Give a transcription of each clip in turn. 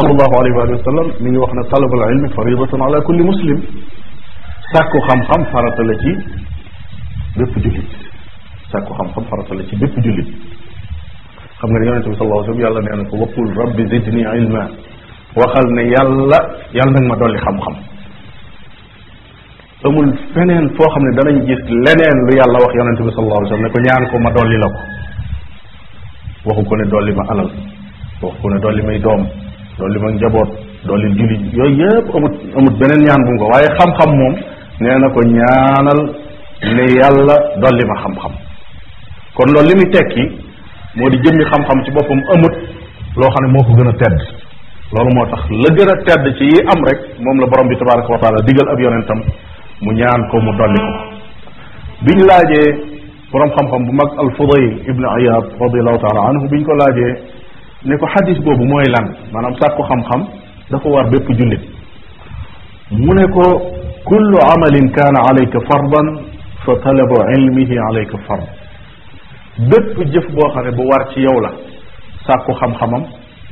sallallahu alayhi wa sallam mi ngi wax ne talabul ilmi faridatun ala kulli muslim sàkku xam-xam farata la ci bépp jullit sàkku xam-xam farata la ci bépp jullit xam nga ne yonente bi sallallahu alayhi wa sallam yàlla nee na ko waqul rabbi zidni ilma waxal ne yàlla yàlla nag ma dolli xam-xam amul feneen foo xam ne danañ gis leneen lu yàlla wax yonente bi sallallahu alayhi wa sallam ne ko ñaan ko ma dolli la ko waxu ko ne dolli ma alal waxu ko ne dolli may doom loolu li ma njaboot dool li julli yooyu yëpp amut amut beneen ñaan bu waaye xam-xam moom nee na ko ñaanal ne yàlla dool li ma xam-xam kon loolu li muy tekki moo di jëmmi xam-xam ci boppam amut loo xam ne moo ko gën a tedd loolu moo tax la gën a tedd ci yi am rek moom la borom bi tabaraka wa taala digal ab yonentam mu ñaan ko mu dolli ko biñ laajee borom xam-xam bu mag al Fudayl ibn Iyad radiallahu taala anhu biñ ko laajee ne ko xadis boobu mooy lan maanaam sàkku xam-xam dafa war bépp jullit mu ne ko kullu amalin kaana alayka fardan fa talabu ilmihi alayka fard bépp jëf boo xam ne bu war ci yow la sàkku xam-xamam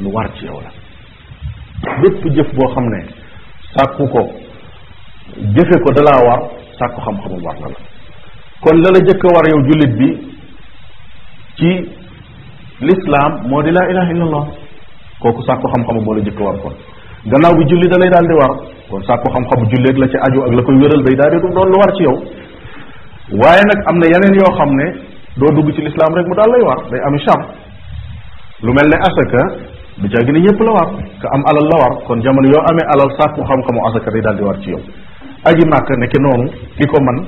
lu war ci yow la bépp jëf boo xam ne sàkku ko jëfe ko dalaa war sàkku xam-xamam war na la kon la la jëkk war yow jullit bi ci l'islam moo di laa ilaha illallah kooku sàkku xam-xamu xam moo la jëkk war kon gannaaw bi julli da lay daal di war kon sàkku xam-xamu julli ak la ci aju ak la koy wéral day daal di doon lu war ci yow waaye nag am na yeneen yoo xam ne doo dugg ci lislaam rek mu daal lay war day ami char lu mel ni asaka du caa gi ne ñëpp la war ka am alal la war kon jamono yoo amee alal sàkku xam-xamu asaka day daal di war ci yow aji màkk nekk noonu ki ko man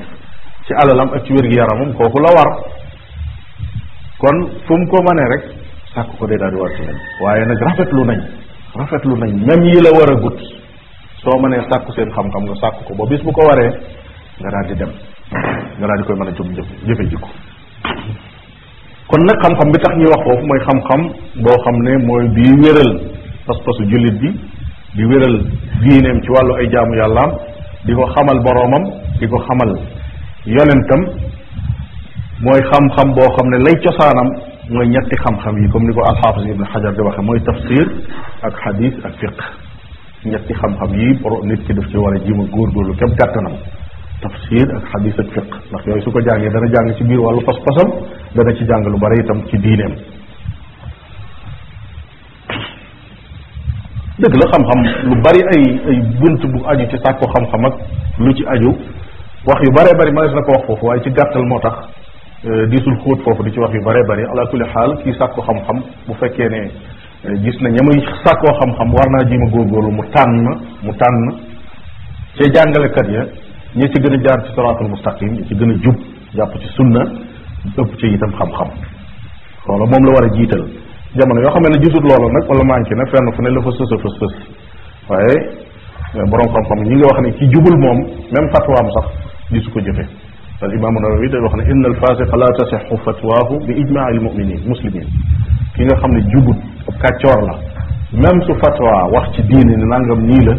ci alalam ak ci wér kooku la war kon fu mu ko mënee rek sàkk ko dee daal di war ci nañ waaye nag rafetlu nañ rafetlu nañ même yi la war a gut soo manee sàkku seen xam-xam nga sàkk ko ba bis bu ko waree nga daal di dem nga daal di koy mën a jëm jëfe jikko kon nag xam-xam bi tax ñuy wax foofu mooy xam-xam boo xam ne mooy bii wéral pas-pasu jullit bi di wéral diineem ci wàllu ay jaamu yàllaam di ko xamal boroomam di ko xamal yonentam mooy xam-xam boo xam ne lay cosaanam mooy ñetti xam-xam yi comme ni ko alxaafis ibn xajar di waxe mooy tafsir ak xadis ak fiq ñetti xam-xam yi pour nit ki daf ci war a jima góorgóorlu képp kàttanam tafsir ak xadis ak fiq ndax yooyu su ko jàngee dana jàng ci biir wàllu pas-pasam dana ci jàng lu bari itam ci diineem dëgg la xam-xam lu bari ay ay bunt bu aju ci sàkko xam-xam ak lu ci aju wax yu baree bari ma na ko wax ci gàttal moo tax Euh, diisul xóot foofu di ci wax yu bare bare ala kulli xaal kii sàkku xam-xam bu fekkee ne euh, gis na ña muy sàkkoo xam-xam war naa jéem a góorgóorlu mu tànn mu tànn ca jàngalekat ya ñi ci gën a jaar ci siraatul mustaqim ñi ci gën a jub jàpp ci sunna ëpp ci itam xam-xam loola moom la war a jiital jamono yoo xam ne gisut loola nag wala manqué na fenn fu ne la fa sës a waaye euh, borom xam-xam ñi nga wax ne ki jubul moom même fatwaam sax su ko jëfe al imaamu nawawi day wax ne inna al fasiqa la tasixu fatwaahu bi ijmaai al muminin muslimin ki nga xam ne jubut ab kàccoor la même su fatwa wax ci diine ne nangam nii la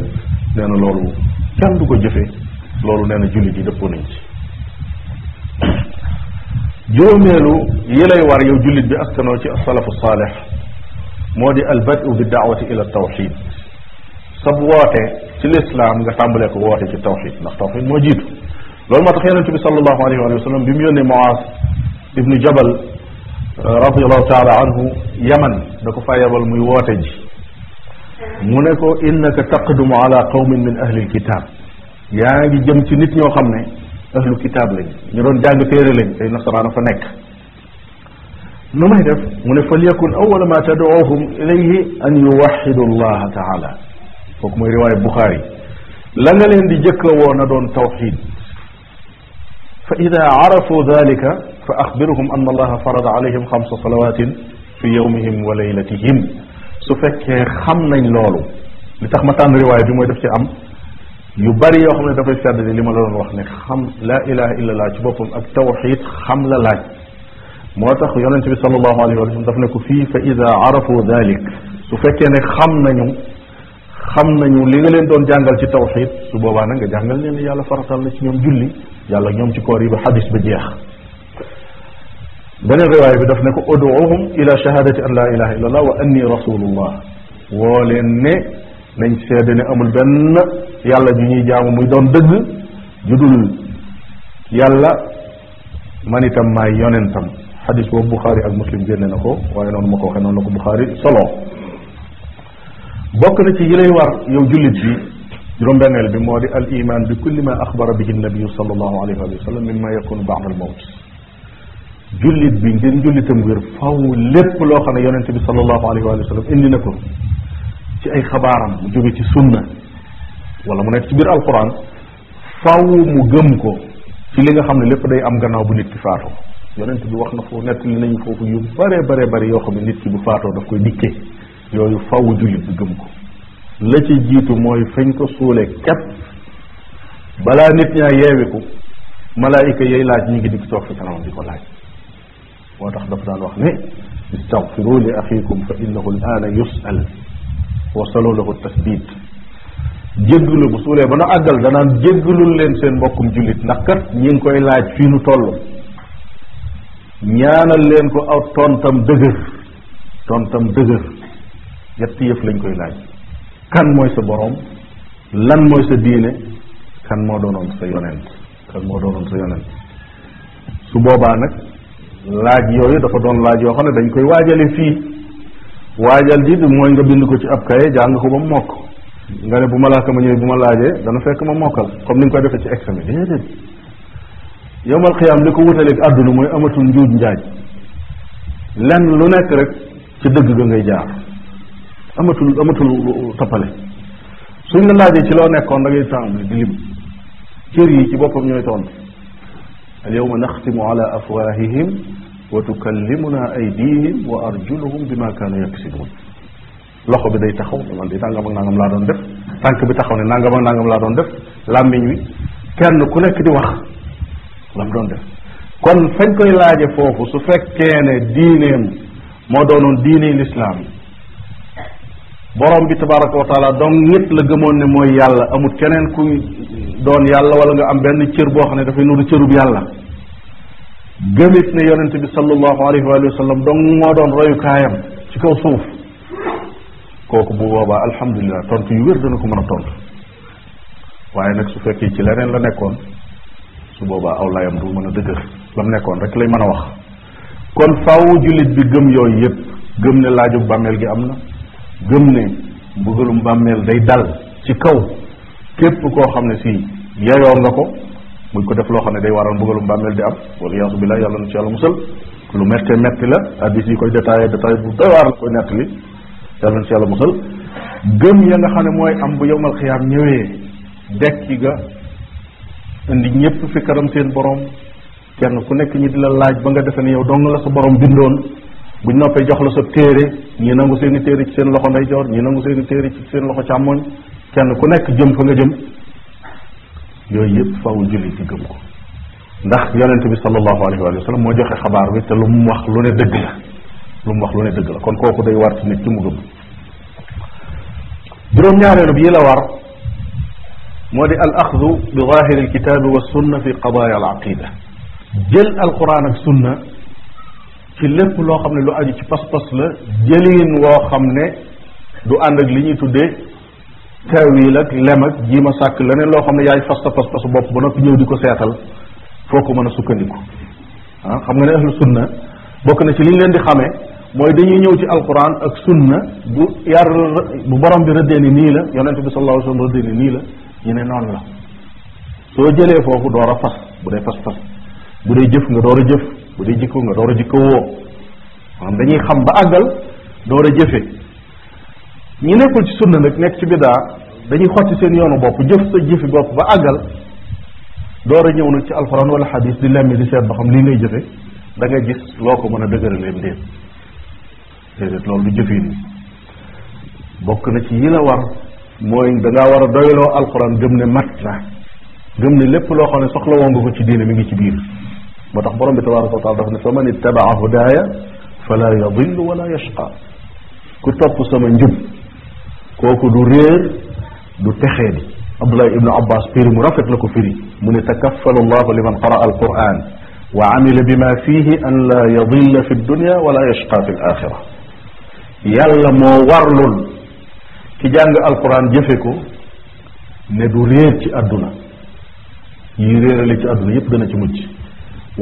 nee na loolu kenn du ko jëfee loolu nee na jullit yi dëppoo nañ ci juróomeelu yi lay war yow jullit bi askanoo ci asalafu saalix moo di albadu bi daawati ila tawxid sab woote ci lislaam nga tàmbalee ko woote ci tawxid ndax tawxid moo jiitu loolu moo tax yonente bi sallallahu alayhi wa sallam bi mu yónnee Muaas ibnu Jabal euh, radiallahu taala anhu yaman da ko fa yabal muy woote ji mu ne ko innaka taqdumu ala qawmin min ahli alkitab yaa ngi jëm ci nit ñoo xam ne ahlu kitaab lañ ñu doon jàng téere lañ ay nasaraana fa nekk nu may def mu ne fal yakun awala ma tadoohum ilayhi an yuwaxidu allaha taala kooku mooy riwaaya Buxaari la nga leen di jëkka woo na doon tawxid fa ida arafu dalika fa axbiruhum anna allaha farada alayhim xamsa salawatin fi yawmihim wa laylatihim su fekkee xam nañ loolu li tax ma tànn riwaay bi mooy daf ci am yu bari yoo xam ne dafay fedd li ma la doon wax ne xam laa ilaha illa allah ci boppam ak tawxid xam la laaj moo tax yonente bi sallallahu alayhi wa sallam daf ne ko fii fa ida arafu dalik su fekkee ne xam nañu xam nañu li nga leen doon jàngal ci tawxid su boobaa nag nga jàngal leen yàlla faratal na ci ñoom julli yàlla ak ñoom ci koor yi ba xadis ba jeex beneen riwaay bi daf ne ko uduuhum ila shahadati an la ilaha illa allah wa anni rasulullah woo leen ne nañ seede ne amul benn yàlla ju ñuy jaamu muy doon dëgg ju dul yàlla man itam maay yonentam xadis boobu Buxaari ak Muslim génne na ko waaye noonu ma ko waxee noonu la ko Buxaari solo bokk na ci yi lay war yow jullit bi juróom-benneel bi moo di al iman bi kulli ma axbara bihi nabiyu ma yakunu ba'da al mawt jullit bi ngir jullitam wér faw lépp loo xam ne yonente bi wa sallam indi na ko ay xabaaram mu jóge ci sunna mu nekk ci biir alquran faw mu gëm ko ci li nga xam ne lépp day am gannaaw bu nit ki faatoo yonent bi wax na foofu nett li nañu foofu yu bare bare bare yoo xam ne nit ki bu faatoo daf koy dikkee yooyu faw jullit bi gëm ko la ci jiitu mooy fañ ko suulee kat balaa nit ñaa yeewiku malaayika yay laaj ñu ngi dikk toog fi kanam di ko laaj moo tax dafa daan wax ne istagfiru li axikum fa innahu alaana yusal wasaloo lahu tasbid jéggalu bu suulee ba nu àggal danaan jéggalul leen seen mbokkum jullit ndax kat ñi ngi koy laaj fii nu toll ñaanal leen ko aw tontam dëgër tontam dëgër ñetti yëf lañ koy laaj kan mooy sa boroom lan mooy sa diine kan moo doonoon sa yonent kan moo doonoon sa yonent su boobaa nag laaj yooyu dafa doon laaj yoo xam ne dañ koy waajale fii waajal ji mooy nga bind ko ci ab kaye jàng ko ba mu mokk nga ne bu malaaka ma ñëwee bu ma laajee dana fekk ma mokkal comme ni nga koy defee ci examen déedéet yowmal xiyaam li ko wutaleeg àdduna mooy amatul njuuj njaaj lenn lu nekk rek ci dëgg ga ngay jaar amatul amatul toppale suñ la laajee ci loo nekkoon da ngay di lim cër yi ci boppam ñooy tontu al yawma naxtimu ala afwahihim wa tukallimuna aydihim wa arjuluhum bima kaanu yaksibuun loxo bi day taxaw man di nangam ak laa doon def tànk bi taxaw ne nangam ak nangam laa doon def làmmiñ wi kenn ku nekk di wax lam doon def kon fañ koy laaje foofu su fekkee ne diineem moo doonoon diiney lislaam borom bi tabaraka wa don donc la gëmoon ne mooy yàlla amul keneen ku doon yàlla wala nga am benn cër boo xam ne dafay nuru cërub yàlla gëmit ne yonente bi sallallahu alayhi wa sallam donc moo doon royukaayam ci kaw suuf kooku bu boobaa alhamdulilah tontu yu wér dana ko mën a tontu waaye nag su fekkee ci leneen la nekkoon su boobaa aw layam du mën a dëgër la mu nekkoon rek lay mën a wax kon faaw jullit bi gëm yooyu yépp gëm ne laajub bàmmeel gi am na gëm ne mbugalum bàmmeel day dal ci kaw képp koo xam ne si yeyoo nga ko muy ko def loo xam ne day waral mbugalum bàmmeel di am wala yaasu billah yàlla na ci yàlla musal lu méttee métti la addis yi koy détaillé détaillé bu doy waar la koy nettali yàlla na ci yàlla musal gëm ya nga xam ne mooy am bu yowmal xiyaam ñëwee dekki ga indi ñëpp fi kanam seen borom kenn ku nekk ñi di la laaj ba nga defe ne yow dong la sa borom bindoon buñ noppee jox la sa téere ñi nangu seen i ci seen loxo ndeyjoor ñi nangu seen i téere ci seen loxo càmmoñ kenn ku nekk jëm fa nga jëm yooyu yëpp faaw jullit ci gëm ko ndax yonente bi sallallahu alayhi wa moo joxe xabaar bi te lu mu wax lu ne dëgg la lu mu ne dëgg la kon kooku day war ci nit ki mu gëm juróom-ñaareelu bi yi la war moo di al axdu bi zahiri al kitaabi wa sunna fi qadaaya al aqida jël alquran ak sunna ci lépp loo xam ne lu aju ci pas-pas la jëliin woo xam ne du ànd ak li ñuy tuddee tawil ak lem ak jii ma sàkk leneen loo xam ne yaay fas sa pas-pasu bopp ba noppi ñëw di ko seetal foo ko mën a sukkandiku ah xam nga ne ahlu sunna bokk na ci li ñu leen di xamee mooy dañuy ñëw ci alquran ak sunna bu yar bu borom bi rëddee ni nii la yonent bi sallallahu alayhi wa sallam nii la ñu ne noonu soo jëlee foofu door a fas bu dee fas fas bu dee jëf nga door a jëf bu dee jikko nga door a jikko woo maanaam dañuy xam ba àggal door a jëfe ñi nekkul ci sunna nag nekk ci bidaa dañuy xotti seen yoonu bopp jëf sa jëfi bopp ba àggal door a ñëw nag ci alxuraan wala xadis di lemmi di seet ba xam lii ngay jëfe danga gis loo ko mën a dëgëraleem loolu du jëfin bokk na ci yi la war mooy da war a doyloo alxuraan gëm ne mat na gëm ne lépp loo xam ne soxla woon nga ko ci diine mi ngi ci biir moo tax borom bi tabaraka wa taala dafa ne fa man ittabaa hudaaya fala yadillu wala yashqa ku topp sama njub kooku du réer du texee di abdullah ibnu abbas firi mu rafet la ko firi mu ne takaffalu allahu liman qaraa alquran wa amila bima fihi an la yadilla fi dunya wala yashqa fi alaxira yàlla moo warlul ki jàng alquran jëfe ko ne du réer ci àdduna yi réerale ci àdduna yépp dana ci mucc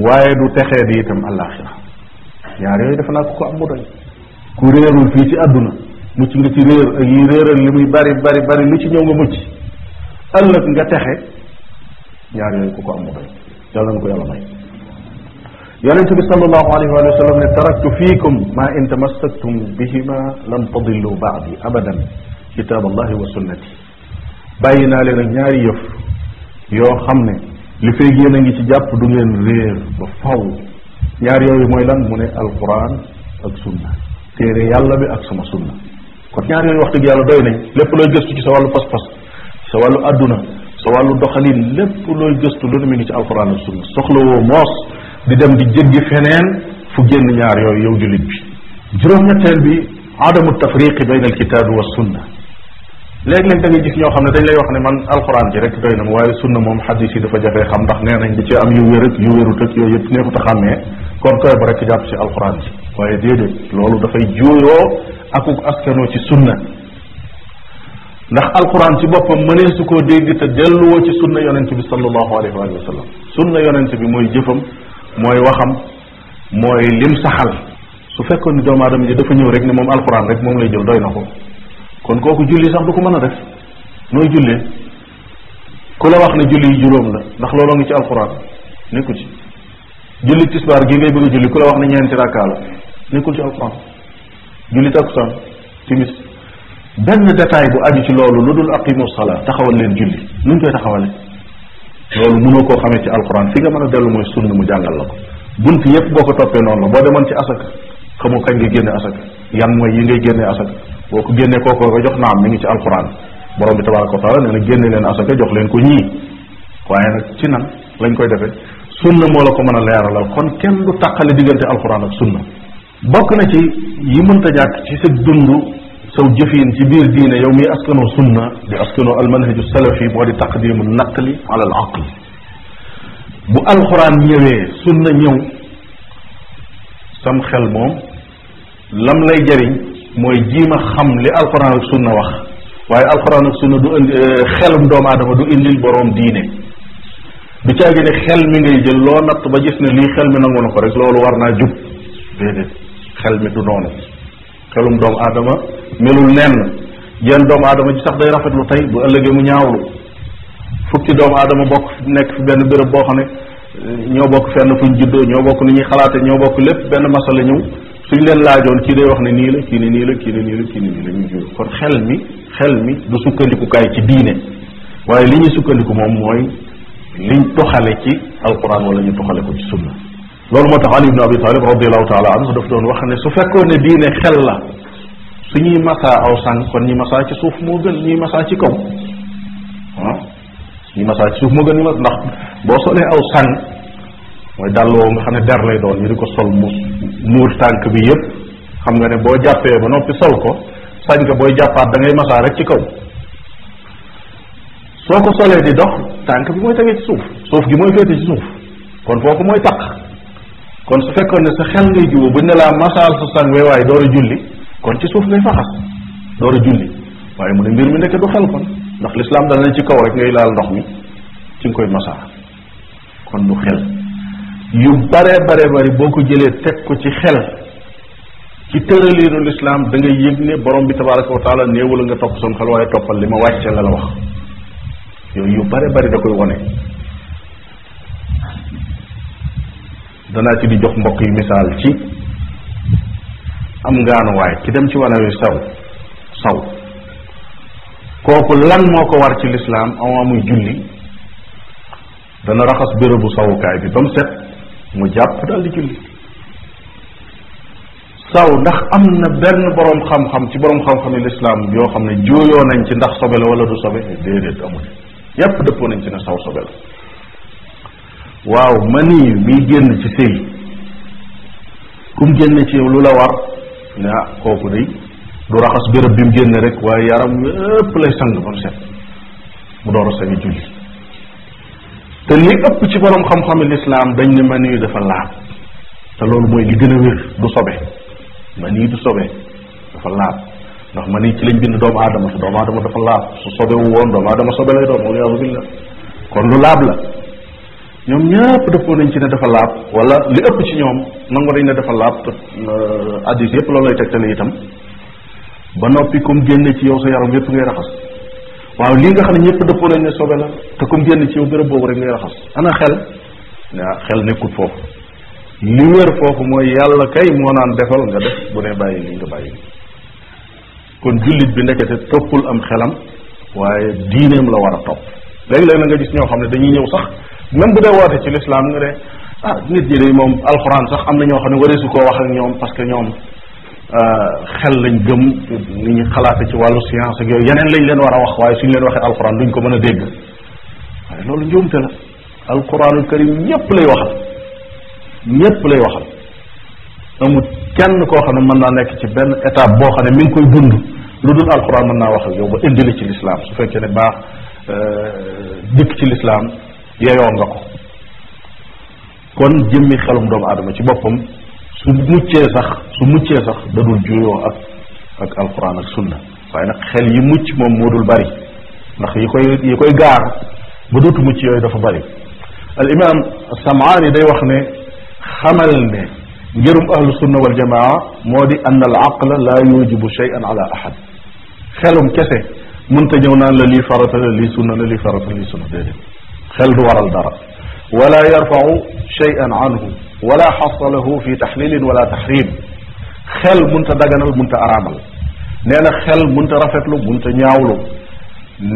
waaye du texee di itam àllaaxira ñaar yooyu defe naa ko ko am mu ku réerul fii ci àdduna mucc nga ci réer ak yi li muy bari bari bari li ci ñëw nga mucc ëllëg nga texe ñaar yooyu ku ko am mu doy yàlla na ko yàlla may yonente bi sallallahu alayhi wa sallam ne taraktu fiikum ma in tamassaktum bihima lan tadillu baadi abadan kitab allahi wa sunnati naa leen ak ñaari yoo xam ne li fay yéen a ngi ci jàpp du ngeen réer ba faw ñaar yooyu mooy lan mu ne alquran ak sunna téere yàlla bi ak sama sunna kon ñaar yooyu wax dëgg yàlla doy nañ lépp looy gëstu ci sa wàllu pas-pas sa wàllu adduna sa wàllu doxalin lépp looy gëstu lu ne mi ngi ci alquran ak sunna soxlawoo moos di dem di jéggi feneen fu génn ñaar yooyu yow jullit bi juróom-ñetteel bi adamu tafriqi bayna alkitaabi wa sunna léegi nag da ngay gis ñoo xam ne dañ lay wax ne man alxuraan ji rek doy na ma waaye sunna moom xadis yi dafa jafee xam ndax nee nañ di ci am yu wér ak yu wérut ak yooyu yëpp neexut a xàmmee kon koy ba rek jàpp ci alxuraan ji waaye déedéet loolu dafay juuyoo akuk askanoo ci sunna ndax alxuraan ci boppam mënee su koo dégg te delluwoo ci sunna yonent bi sallallahu alayhi wa sallam sunna yonent bi mooy jëfam mooy waxam mooy lim saxal su fekkoon ni doomu aadama ji dafa ñëw rek ne moom alxuraan rek moom lay jël doy na ko kon kooku julli sax du ko mën a def mooy jullee ku la wax ne julli yi juróom la ndax looloo ngi ci alxuraan nekkul ci julli tisbaar gi ngay bëgg a julli ku la wax ne ñeenti rakkaa la nekkul ci alxuraan julli takkusaan timis benn détail bu aju ci loolu lu dul aqimu salaa taxawal leen julli nuñ koy taxawale loolu mënoo koo xamee ci alxuraan fi nga mën a dellu mooy sunna mu jàngal la ko bunt yépp boo ko toppee noonu la boo demoon ci asaka xamoo kañ nga génne yan mooy yi ngay génne boo ko génnee kookoo ko jox naam mi ngi ci alquran borom bi tabaraka wa taala nee na génne leen asaka jox leen ko ñii waaye nag ci nan lañ koy defee sunna moo la ko mën a leeral leeralal kon kenn du tàqale diggante alquran ak sunna bokk na ci yi mënta jàkk ci sa dund saw jëfiin ci biir diine yow miy askanoo sunna di askanoo almanhaju salafi moo di taqdimu naqli ala al aql bu alquran ñëwee sunna ñëw sam xel moom lam lay jariñ mooy jiima xam li alquran ak sunna wax waaye alquran ak sunna du indi eh, xelum doomu aadama du indil boroom diine du caagi ne xel mi ngay jël loo natt ba gis ne lii xel mi nangu na ko rek loolu war naa jub déedéet xel mi du noonu xelum doomu aadama melul nenn jenn doomu aadama ji sax day rafet rafetlu tey bu ëllëgee mu ñaawlu fukki doomu aadama bokk nekk fi benn béréb boo xam ne eh, ñoo bokk fenn fuñ juddoo ñoo bokk ni ñuy xalaate ñoo bokk lépp benn masala ñëw suñ leen laajoon kii day wax ne nii la kii ne nii la kii ne nii la kii ne nii la ñu jur kon xel mi xel mi du sukkandikukaay ci diine waaye li ñuy sukkandiku moom mooy liñ toxale ci alquran wala ñu toxale ko ci sunna loolu moo tax ali ibn abi talib radiallahu taala anhu daf doon wax ne su fekkoon ne diine xel la su ñuy masaa aw sànq kon ñi masaa ci suuf moo gën ñuy masaa ci kaw ah ñi masaa ci suuf moo gën ñu mas ndax boo solee aw sànq mooy dàll woo nga xam ne der lay doo ñu ko sol muur tànk bi yëpp xam nga ne boo jàppee ba noppi sol ko sañ nga booy jàppaat da ngay masaa rek ci kaw soo ko solee di dox tànk bi mooy tegee ci suuf suuf gi mooy féete ci suuf kon foofu mooy taq kon su fekkoon ne sa xel ngay jiwu buñ ne laa masaal sa sang we waaye door a julli kon ci suuf ngay faxas door julli waaye mu ne mbir mi nekk du xel kon ndax lislaam dana ci kaw rek ngay laal ndox mi ci nga koy masaa kon du xel yu bare bare bari boo ko jëlee teg ko ci xel ci tëraliinu lislaam da yëg ne borom bi tabaraka wa taala néewul nga topp sam xel waaye toppal li ma wàcce la la wax yooyu yu bare bari da koy wone danaa ci di jox mbokk yu misaal ci am ngaanuwaay ki dem ci wanawi saw saw kooku lan moo ko war ci lislaam amaa muy julli dana raxas bérébu sawukaay bi ba set mu jàpp daal di julli saw ndax am na benn boroom xam-xam ci boroom xam-xam yi lislaam yoo xam ne jooyoo nañ ci ndax sobe la wala du sobe déedéet amul yépp dëppoo nañ ci ne saw sobe la waaw mani miy génn ci sëy kum génn ci lu la war ne ah, kooku day du raxas béréb bi mu génn rek waaye yaram yépp lay sang ba mu set mu door a sañ julli te li ëpp ci borom xam-xami lislaam dañ ne ma yu dafa laab te loolu mooy li gën a wér du ma mani du sobe dafa laab ndax mani ci lañ bind doomu aadama te doomu adama dafa laab su sobewu woon doomu aadama sobe lay doon wala yaasu billah kon lu ñoom ñëpp dëppoo nañ ci ne dafa laab wala li ëpp ci ñoom nangu nañ ne dafa laab te euh, addis yépp loolu lay tegtale itam ba noppi comme génne ci yow sa yaram yépp ngay raxas waaw lii nga xam ne ñëpp dëppoo nañ ne sobe la te comme génn ci yow béréb boobu rek ngay raxas ana xel ah xel nekkul foofu li wér foofu mooy yàlla kay moo naan defal nga def bu ne bàyyi lii nga bàyyi kon jullit bi ndekete toppul am xelam waaye diineem la war a topp léegi-léeg na nga gis ñoo xam ne dañuy ñëw sax même bu dee woote ci lislaam nga ne ah nit ñi de moom alxuraan sax am na ñoo xam ne wareesu koo wax ak ñoom parce que ñoom Euh, xel lañ gëm ni ñu xalaate ci wàllu science ak yooyu yeneen lañ leen war a wax waaye suñ leen waxee alquran ñu ko mën a dégg waaye loolu njuumte la alquranul karim ñépp lay waxal ñépp lay waxal amul kenn koo xam ne mën naa nekk ci benn étape boo xam ne mi ngi koy dund lu dul alquran mën naa waxal yow ba indi la ci lislaam su fekkee ne baax euh, dikk ci lislaam yeyoo nga ko kon jëmmi xelum doomu aadama ci boppam su muccee sax su muccee sax da ak ak alquran ak sunna waaye nag xel yi mucc moom moo dul bari ndax yi koy yi koy gaar ba dootu mucc yooyu dafa bari al imam samaani day wax ne xamal ne ngirum ahlu sunna wal jamaa moo di ann al aqla la yujibu cheyan ala ahad la lii farata la lii sunna la lii farata la lii sunna déedéet xel du waral dara wala yarfau cheyan anhu wala xasalahu fi taxlilin wala taxrim xel munta daganal munta araamal nee na xel munta rafetlu munta ñaawlu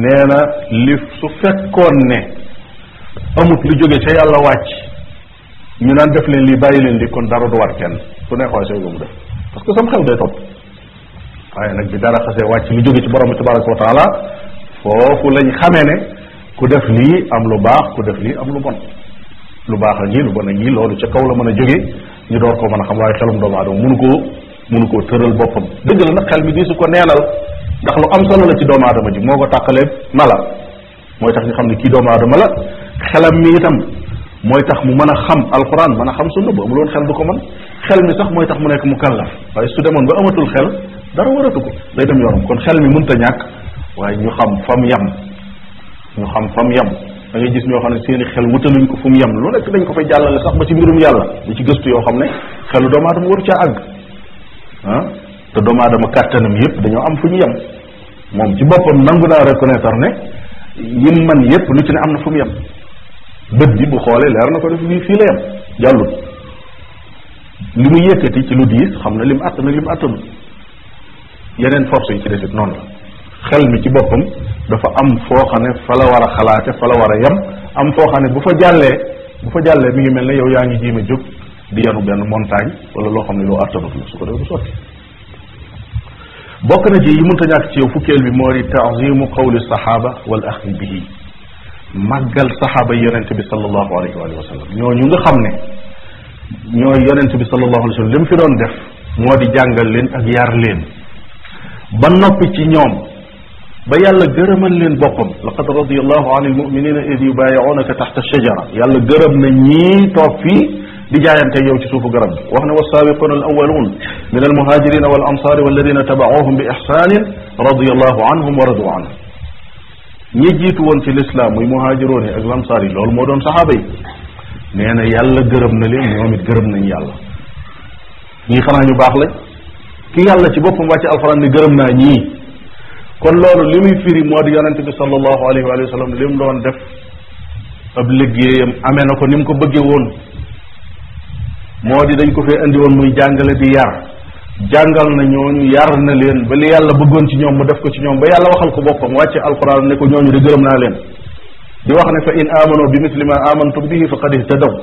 nee na li su fekkoon ne amut lu jóge ca yàlla wàcc ñu naan def leen li bàyyi leen li kon dara du war kenn su ne xooy say lu mu def parce que sam xel day topp waaye nag bi dara xasee wàcc lu jóge ci borom bi tabaraka xamee ne ku def lii am lu baax ku def lii am lu bon lu baax a ngi lu bon a ngi loolu ca kaw la mën a jóge ñu door koo mën a xam waaye xelum doomu aadama munu koo mënu koo tëral boppam dëgg la nag xel mi di su ko neenal ndax lu am solo la ci doomu aadama ji moo ko tàqalee mala mooy tax ñu xam ne kii doomu aadama la xelam mi itam mooy tax mu mën a xam alquran mën a xam sunna bu amuloon xel du ko man xel mi sax mooy tax mu nekk mu kallaf waaye su demoon ba amatul xel dara waratu ko day dem yoonam kon xel mi ta ñàkk waaye ñu xam fam yam ñu xam fam yam da gis ñoo xam ne seeni xel wutaluñ ko fu mu yem lu nekk dañ ko fay jàllale sax ba ci mbirum yàlla di ci gëstu yoo xam ne xelu doomu aadama waru caa àgg ah, te doomu aadama kàttanam yépp dañoo am fu ñu yem moom ci boppam nangu naa reconnaître ne yim man yépp lu ci ne am na fu mu yem bët bi bu xoolee leer na ko def fii fii la yem jàllut li mu yëkkati ci lu diis xam na lim àttan ak lim àttanul yeneen force yi ci defit noonu la xel mi ci boppam dafa am foo xam ne fa la war a xalaate fa la war a yem am foo xam ne bu fa jàllee bu fa jàllee mi ngi mel ne yow yaa ngi jiima jóg di yanu benn montagne wala loo xam ne loo attanut la su ko def bokk na ci yi mënta ñàkk ci yow fukkeel bi moo di taazimu qawli saxaaba wal axdi bihi màggal saxaaba yonent bi sallallahu alayhi wa sallam ñooñu nga bi sallallahu alayhi wa sallam li mu fi doon def moo di jàngal leen ak yar leen ba noppi ci ñoom ba yàlla gërëmal leen boppam laqad radiallahu an almuminina id yubayiunaka taxta shajara yàlla gërëm na ñii toog fii di jaayante yow ci suufu garab bi wax ne wassaabiquna al awalun min almuhajirina wal ansaari walladina tabacuhum bi ixsanin radiallahu anhum wa radu anhu ñi jiitu woon ci lislaam muy muhaajiroon yi ak lansaar yi loolu moo doon saxaaba yi nee na yàlla gërëm na leen ñoom it gërëm nañ yàlla ñii xanaa ñu baax lañ ki yàlla ci boppam wàcce alxuraan ni gërëm naa ñii kon loolu li muy firi moo di yonente bi sallallahu alayhi wa sallam li mu doon def ab liggéeyam amee na ko ni mu ko bëggee woon moo di dañ ko fee indi woon muy jàngale di yar jàngal na ñooñu yar na leen ba li yàlla bëggoon ci ñoom mu def ko ci ñoom ba yàlla waxal ko boppam wàcce alquran ne ko ñooñu di gërëm naa leen di wax ne fa in amano bi misli ma amantum bihi faqad ihtadaw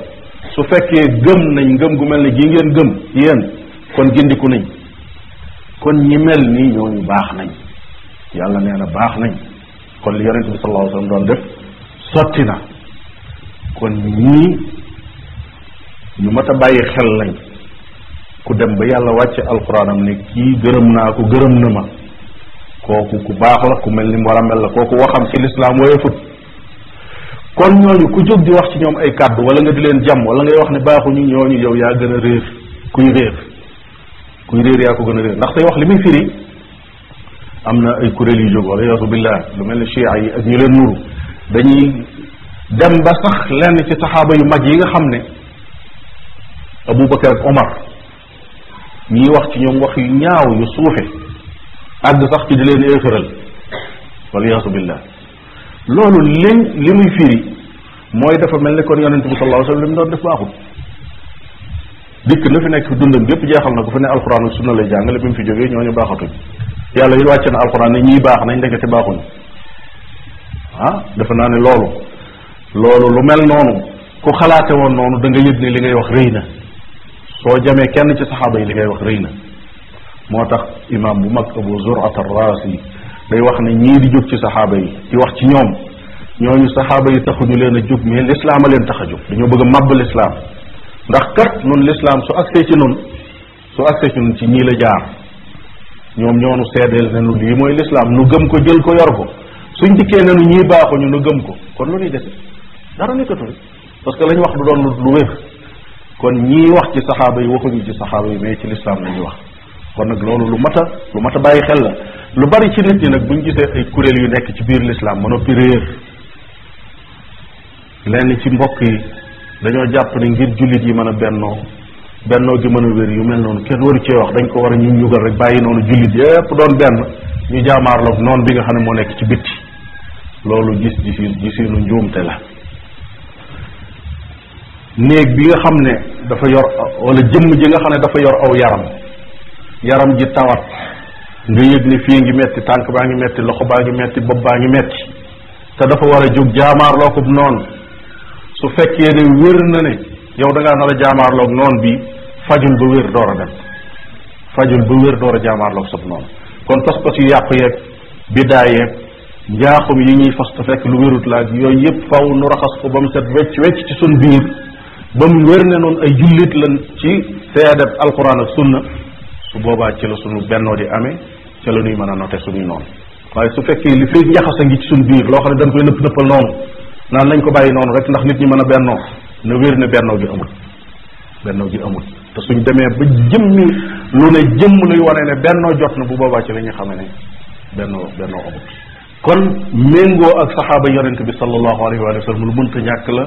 su fekkee gëm nañ ngëm gu mel ne gii ngeen gëm yéen kon gindiku nañ kon ñi mel baax nañ yàlla nee na baax nañ kon li yonent bi sallallahu alayhi wa doon def sotti na kon ñii ñu mat a bàyyi xel lañ ku dem ba yàlla wàcce alxuraanam ne kii gërëm naa ko gërëm na ma kooku ku baax la ku mel ni mu war a mel la kooku waxam ci lislaam woyofut kon ñooñu ku jóg di wax ci ñoom ay kàddu wala nga di leen jàmm wala ngay wax ne baaxuñu ñooñu yow yaa gën a réer kuy réer kuy réer yaa ko gën a réer ndax tey wax li muy firi am na ay kuréel yu jóg walla yaasu billah lu mel ni chia yi ak ñu leen nuru dañuy dem ba sax lenn ci saxaaba yu mag yi nga xam ne Abu Bakar ak Omar ñuy wax ci ñoom wax yu ñaaw yu suufe àgg sax ci di leen yéefëral wala yaasu billah loolu liñ li muy firi mooy dafa mel ni kon yonente bi sallallahu alayhi wasallam li mu doon def baaxul dikk na fi nekk dundam gépp jeexal na ko fa ne alxuraan ak sunna lay jàngale bi mu fi jógee ñooñu baaxatuñ yàlla it wàcc na alxuraan ne ñii baax nañ ndekete baaxuñ ah defe naa ne loolu loolu lu mel noonu ku xalaate woon noonu da yëg ne li ngay wax rëy na soo jamee kenn ci saxaaba yi li ngay wax rëy na moo tax imaam bu mag abu zurat ar-raasi day wax ne ñii di jóg ci saxaaba yi di wax ci ñoom ñooñu saxaaba yi taxu ñu leen a jóg mais lislaam a leen tax a jóg dañoo bëgg a màbb lislaam ndax kat nun lislaam su agsee ci nun su agsee ci nun ci ñii la jaar ñoom ñoo nu ne nu lii mooy lislaam nu gëm ko jël ko yor ko suñ dikkee ne nu ñii baaxuñu nu gëm ko kon lu ñuy dese dara nekkatul parce que la wax lu doon lu wér kon ñii wax ci saxaaba yi waxuñu ci saxaaba yi mais ci lislaam la ñuy wax kon nag loolu lu mat a lu mat a bàyyi xel la lu bari ci nit ñi nag buñ gisee ay kuréel yu nekk ci biir lislaam mën a piréer lenn ci mbokk yi dañoo jàpp ne ngir jullit yi mën a bennoo bennoo gi mën a wér yu mel noonu kenn waru cee wax dañ ko war a ñu ñugal rek bàyyi noonu jullit yépp doon benn ñu jaamaarloog noonu bi nga xam ne moo nekk ci bitti loolu gis gisi gisiinu la néeg bi nga xam ne dafa yor wala jëmm ji nga xam ne dafa yor aw yaram yaram ji tawat nga yëg ne fii ngi metti tànk baa ngi metti loxo baa ngi metti bopp baa ngi metti te dafa war a jóg jaamaarloo ko noonu su fekkee ne wér na ne yow da ngaa nar a jaamaarloog noon bi fajul ba wér door a dem fajul ba wér door a jaamaarloog sab noonu kon pas-pas yu yàqu yeeg biddaa yeeg njaaxum yi ñuy fas te fekk lu wérut laag yooyu yëpp faw nu raxas ko ba mu set wecc wecc ci sun biir ba mu wér ne noonu ay jullit lan ci seedeb alquran ak sunna su boobaa ci la sunu bennoo di amee ci la nuy mën a note suñuy noonu waaye su fekkee li fi njaxas a ngi ci suñ biir loo xam ne dañ koy nëpp nëppal noonu naan nañ ko bàyyi noonu rek ndax nit ñi mën a bennoo na wér ne bennoo gi amul bennoo gi amul te suñ demee ba jëmmi lu ne jëmm luy wane ne bennoo jot na bu boobaa ci la ñu xamee ne bennoo bennoo amul kon méngoo ak saxaaba yonent bi sallallahu alayhi wa sallam lu mënta ñàkk la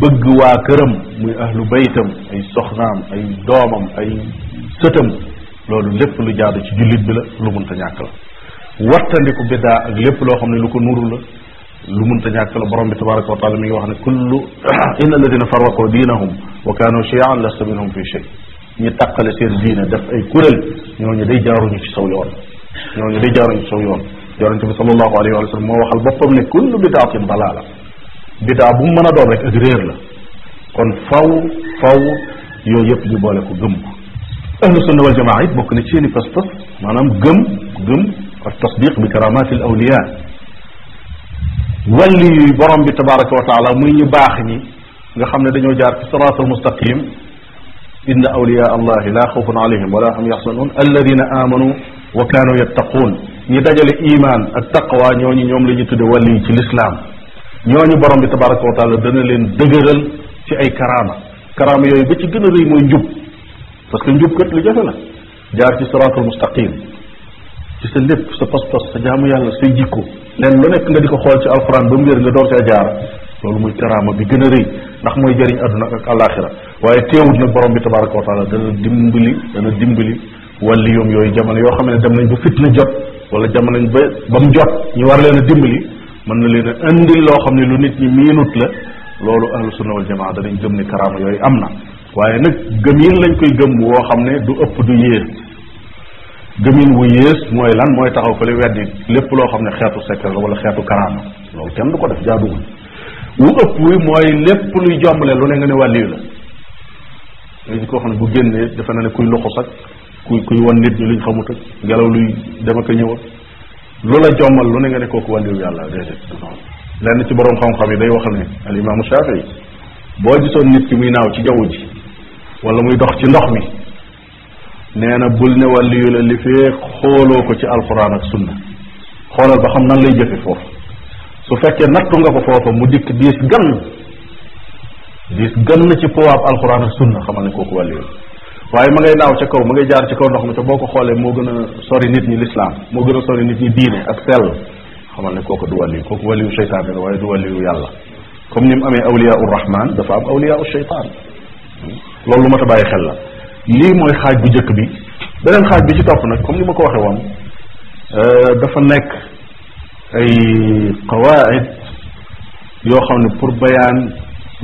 bëgg waa këram muy ahlu baytam ay soxnaam ay doomam ay sëtam loolu lépp lu jaadu ci jullit bi la lu mënta ñàkk la wattandiku biddaa ak lépp loo xam ne lu ko nuru la lu mënta ñàkk la borom bi tabaraka wa taala mi ngi wax ne kullu illa alladina farraqu diinahum wa kaanu chiaan lasta minhum fi shay ñu tàqale seen diine def ay kuréel ñooñu day jaaruñu ci saw yoon ñooñu day jaaruñu ci saw yoon yonente bi salallahu alayhi wa sallam moo waxal boppam ne kullu bidaatin dalaala bidaa bu mu mën a doon rek ak réer la kon faw faw yooyu yëpp ñu boole ko gëm ko ahlu sunna wal jamaa it bokk na ci seeni pas-pas maanaam gëm gëm ak tasdiq bi karamaati al awliya walli yuy borom bi tabaraka wa taala muy ñu baax ñi nga xam ne dañoo jaar ci siraatal la inna awliyaa allahi laa xawfun alayhim wala hum yaxsanun alladina amanu wa kaanu yattaquun ñi dajale iman ak taqwa ñooñu ñoom la ñu tudde wàlli yi ci lislaam ñooñu borom bi tabaraka wa taala dana leen dëgëral ci ay karaama karaama yooyu ba ci gën a rëy mooy njub parce que njub kat lu jafe la jaar ci siraatal mustaqim ci sa lépp sa pas-pas sa jaamu yàlla say jikko leen lu nekk nga di ko xool ci alxuraan ba mu wér nga door caa jaar loolu muy karaama bi gën a rëy ndax mooy jëriñ àdduna ak àllaaxira waaye teewut nag borom bi tabaraka wa taala dana dimbali dana dimbali wàlli yoom yooyu jamono yoo xam ne dem nañ ba fitna jot wala jamono nañ ba ba mu jot ñu war leen a dimbali mën na leen a indil loo xam ne lu nit ñi miinut la loolu ahlu sunna wal jamaa danañ gëm ni karaama yooyu am na waaye nag gëm yin lañ koy gëm woo xam ne du ëpp du yées gëmin wu yées mooy lan mooy taxaw fële weddi lépp loo xam ne xeetu secret la wala xeetu karaama loolu kenn du ko def jaaduwul wu ëpp wi mooy lépp luy jommale lu ne nga ne wàlliyu la nga gis xam ne bu génnee defe na ne kuy loxos ak kuy kuy wan nit ñi luñ xamut ak ngelaw luy dem ak ñëw lu la jommal lu ne nga ne kooku wàlliyu yàlla déedéet lenn ci boroom xam-xam yi day wax ne al imaamu Shafii boo gisoon nit ki muy naaw ci jaww ji wala muy dox ci ndox mi nee na bul ne wàlli la li fee xooloo ko ci alquran ak sunna xoolal ba xam nan lay jëfe foofu su fekkee nattu nga ko foofa mu dikk diis gann diis gann ci powaab alquran ak sunna xamal ne kooku wàlli yu waaye ma ngay naaw ca kaw ma ngay jaar ci kaw ndox mi te boo ko xoolee moo gën a sori nit ñi lislaam moo gën a sori nit ñi diine ak sell xamal ne kooku du wàlli yu kooku wàlli yu cheytaan waaye du wàlli yàlla comme ni mu amee awliyaa ur rahman dafa am awliyaa ur cheytaan hmm? loolu lu mat a bàyyi xel la lii mooy xaaj bu njëkk bi beneen xaaj bi ci topp nag comme ni ma ko waxee woon euh, dafa nekk ay qawaid yoo xam ne pour bayaan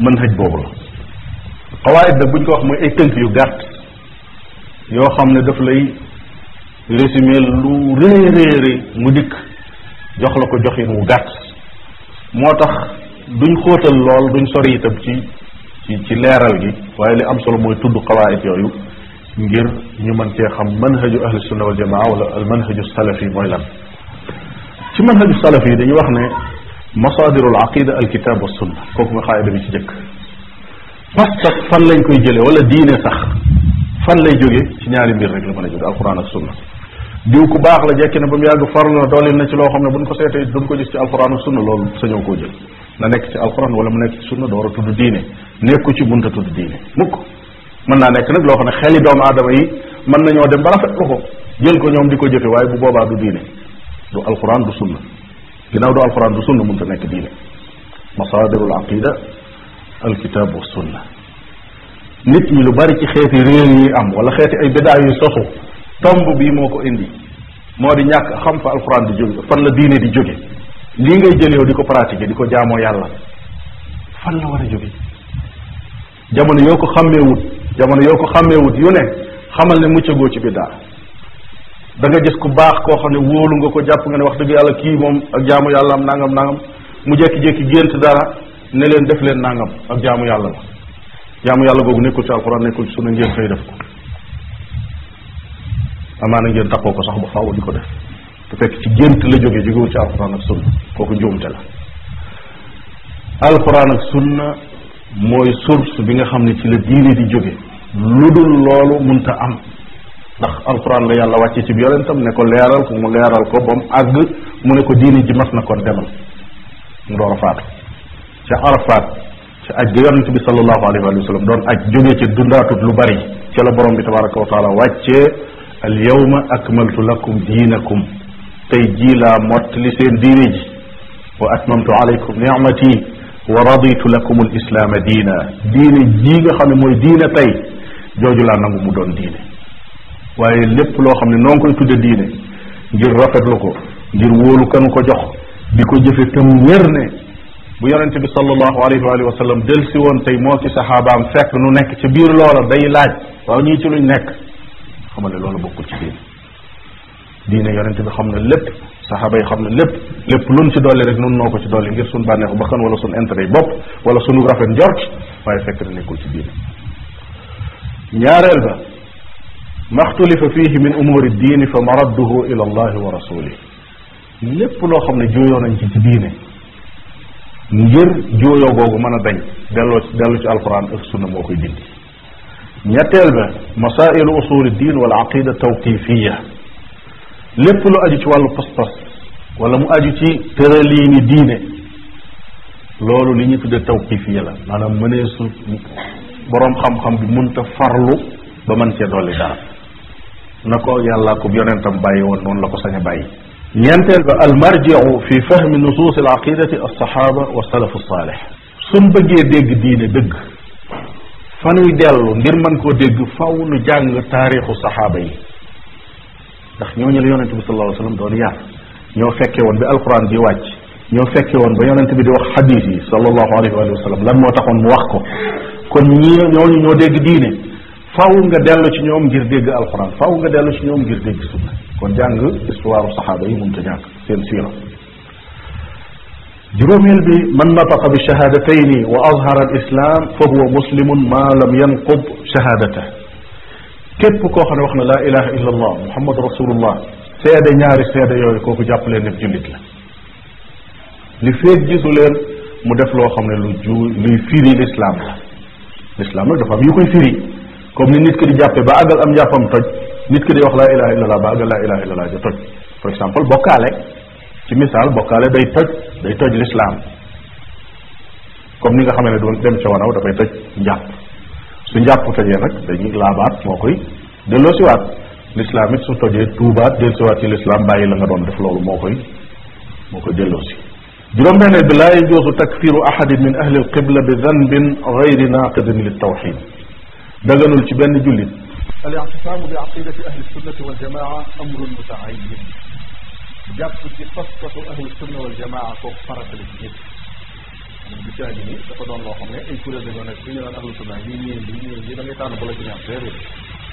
manhaj boobu la qawaid nag bu ñu ko wax mooy ay tënk yu gàtt yoo xam ne daf lay résumé lu rëy rëy mu dikk jox la ko joxin wu gàtt moo tax duñ xóotal lool duñ sori itam ci ci ci leeral gi waaye li am solo mooy tudd qawaid yooyu ngir ñu mën cee xam manhaju ahli sunna wal jamaa wala al manhaju salafi mooy lan ci manhaju salafi yi dañuy wax ne masaadirul aqida al kitab wa sunna kooku nga xaayida bi ci jëkk parce que fan lañ koy jëlee wala diine sax fan lay jógee ci ñaari mbir rek la mën a jóge alquran ak sunna diw ku baax la jekki na ba mu yàgg farlu na doolim na ci loo xam ne buñ ko seetee duñ ko gis ci alquran ak sunna loolu sañoo koo jël na nekk ci alquran wala mu nekk ci sunna door a tudd nekku ci bunta tudd diine mukk mën naa nekk nag loo xam ne xeli doomu adama yi mën nañoo dem ba rafetlu ko jël ko ñoom di ko jëfe waaye bu boobaa du diine du alquran du sunna ginnaaw du alquran du sunna mënta nekk diine masadiru al aqida al sunna nit ñi lu bari ci xeeti réer yi am wala xeeti ay bidaa yu sosu tomb bii moo ko indi moo di ñàkk xam fa alquran di jóge fan la diine di jóge lii ngay jël yow di ko pratiquer di ko jaamoo yàlla fan la war a jóge jamono yoo ko xàmmeewut jamono yoo ko xàmmeewut yu ne xamal ne muccagoo ci biddaa da nga gis ku baax koo xam ne wóolu nga ko jàpp nga ne wax dëgg yàlla kii moom ak jaamu yàlla am nangam nangam mu jékki-jékki gént dara ne leen def leen nangam ak jaamu yàlla la jaamu yàlla googu nekkul ci alxuraan nekkul ci sunna ngeen xëy def ko amaana ngeen taxoo ko sax ba faaw di ko def te fekk ci gént la jógee jógewul ci alxuraan ak sunna kooku njuumte la alxuraan ak sunna mooy source bi nga xam ne ci la diine di jóge lu dul loolu munta am ndax alxuraan la yàlla wàcce ci bi yonentam ne ko leeral ko mu leeral ko ba mu àgg mu ne ko diine ji mat na kon demal mu door a faatu ca Arafat ca aj ga yonent bi sallallahu alayhi wa sallam doon aj jóge ca dundaatut lu bari ca la borom bi tabaraka wa taala wàccee al yawma akmaltu lakum diinakum tey jii laa mottali seen diine ji wa atmamtu alaykum ni'mati wa raditu lakum al islaama diina diine jii nga xam ne mooy diine tey jooju laa nangu mu doon diine waaye lépp loo xam ne noo ngi koy tudde diine ngir rafetlu ko ngir wóolu kanu ko jox di ko jëfe tam wér ne bu yonente bi sallallahu alayhi wa alihi wa sallam del si woon tey moo ci saxaabaam fekk nu nekk ci biir loola day laaj waaw ñii ci luñ nekk xamal ne loolu bokkul ci diine diine yonent bi xam na lépp saxaaba yi xam na lépp lépp luñ ci dolli rek nun noo ko ci dolli ngir suñ bànneexu bakkan wala suñ intérêt yi bopp wala suñu rafet njort waaye fekk na nekkul ci diine ñaareel ba maxtulifa fiihi min umuri diini fa maradduhu ila allahi wa rasulih lépp loo xam ne jooyoo nañ ci ci diine ngir jooyoo googu mën a dañ delloo dellu ci alquran ak sunna moo koy dindi ñetteel ba masailu usuli diin wal aqida tawqifiya lépp lu aju ci wàllu pas wala mu aju ci tëraliini diine loolu li ñu tudde tawqifiya la maanaam mëneesu boroom xam-xam bi munta farlu ba mën cee dolli dara na ko yàllaa ko yonentam bàyyi woon noonu la ko sañ a bàyyi ñeenteel ba almarjiu fi fahmi nusuus al aqidati alsaxaaba wa salafu saalix suñ bëggee dégg diine dëgg fa nuy dellu ngir mën koo dégg faw nu jàng taarixu saxaaba yi ndax ñooñu la yonente bi sallallahu alayhi wasallam doon yar ñoo fekke woon bi alquran bi wàcc ñoo fekke woon ba yonente bi di wax xadiis yi sallallahu alayhi wa sallam lan moo taxoon mu wax ko kon ñi ñooñu ñoo dégg diine faw nga dellu ci ñoom ngir dégg alquran faw nga dellu ci ñoom ngir dégg sunna kon jàng histoire saxaaba yi mënta ñàkk seen siira juróomeel bi man nataqa bi shahadatayni wa azhara al islam fa huwa muslimun ma lam yanqud shahadata képp koo xam ne wax na laa ilaha illa allah muhammadu rasulullah seede ñaari seede yooyu kooku jàpp leen ne jullit la li feeg gisu leen mu def loo xam ne lu ju luy firi lislaam la lislaam nag dafa am yu koy firi comme ni nit ki di jàppe ba àggal am jàppam toj nit ki di wax laa ilaha illa allah ba àggal laa ilaha illa allah ja toj par day toj day toj lislaam comme ni nga xam ne doon dem ca wanaw dafay toj njàpp su njàpp tojee nag dañuy laabaat moo koy delloosiwaat lislaam it su tojee tuubaat delloosiwaat ci lislaam bàyyi la nga doon def loolu moo koy moo koy delloosi juróom-benneel bi laa yajuusu takfiru ahadin min ahli alqibla bi danbin gayri naaqidin liltawxid daganul ci benn jullit alictisaamu bi aqidati ahli sunnati waljamaa amrun mutaayin jàpp ci pas-pasu ahli sunna waljamaa kooku farata la ci ñëpp spécialité bi dafa doon loo xam ne ay kuréel dañoo nekk ñu naan ahlu sunna yi ñëw yi ñëw yi da ngay tànn ba la ci neex déedéet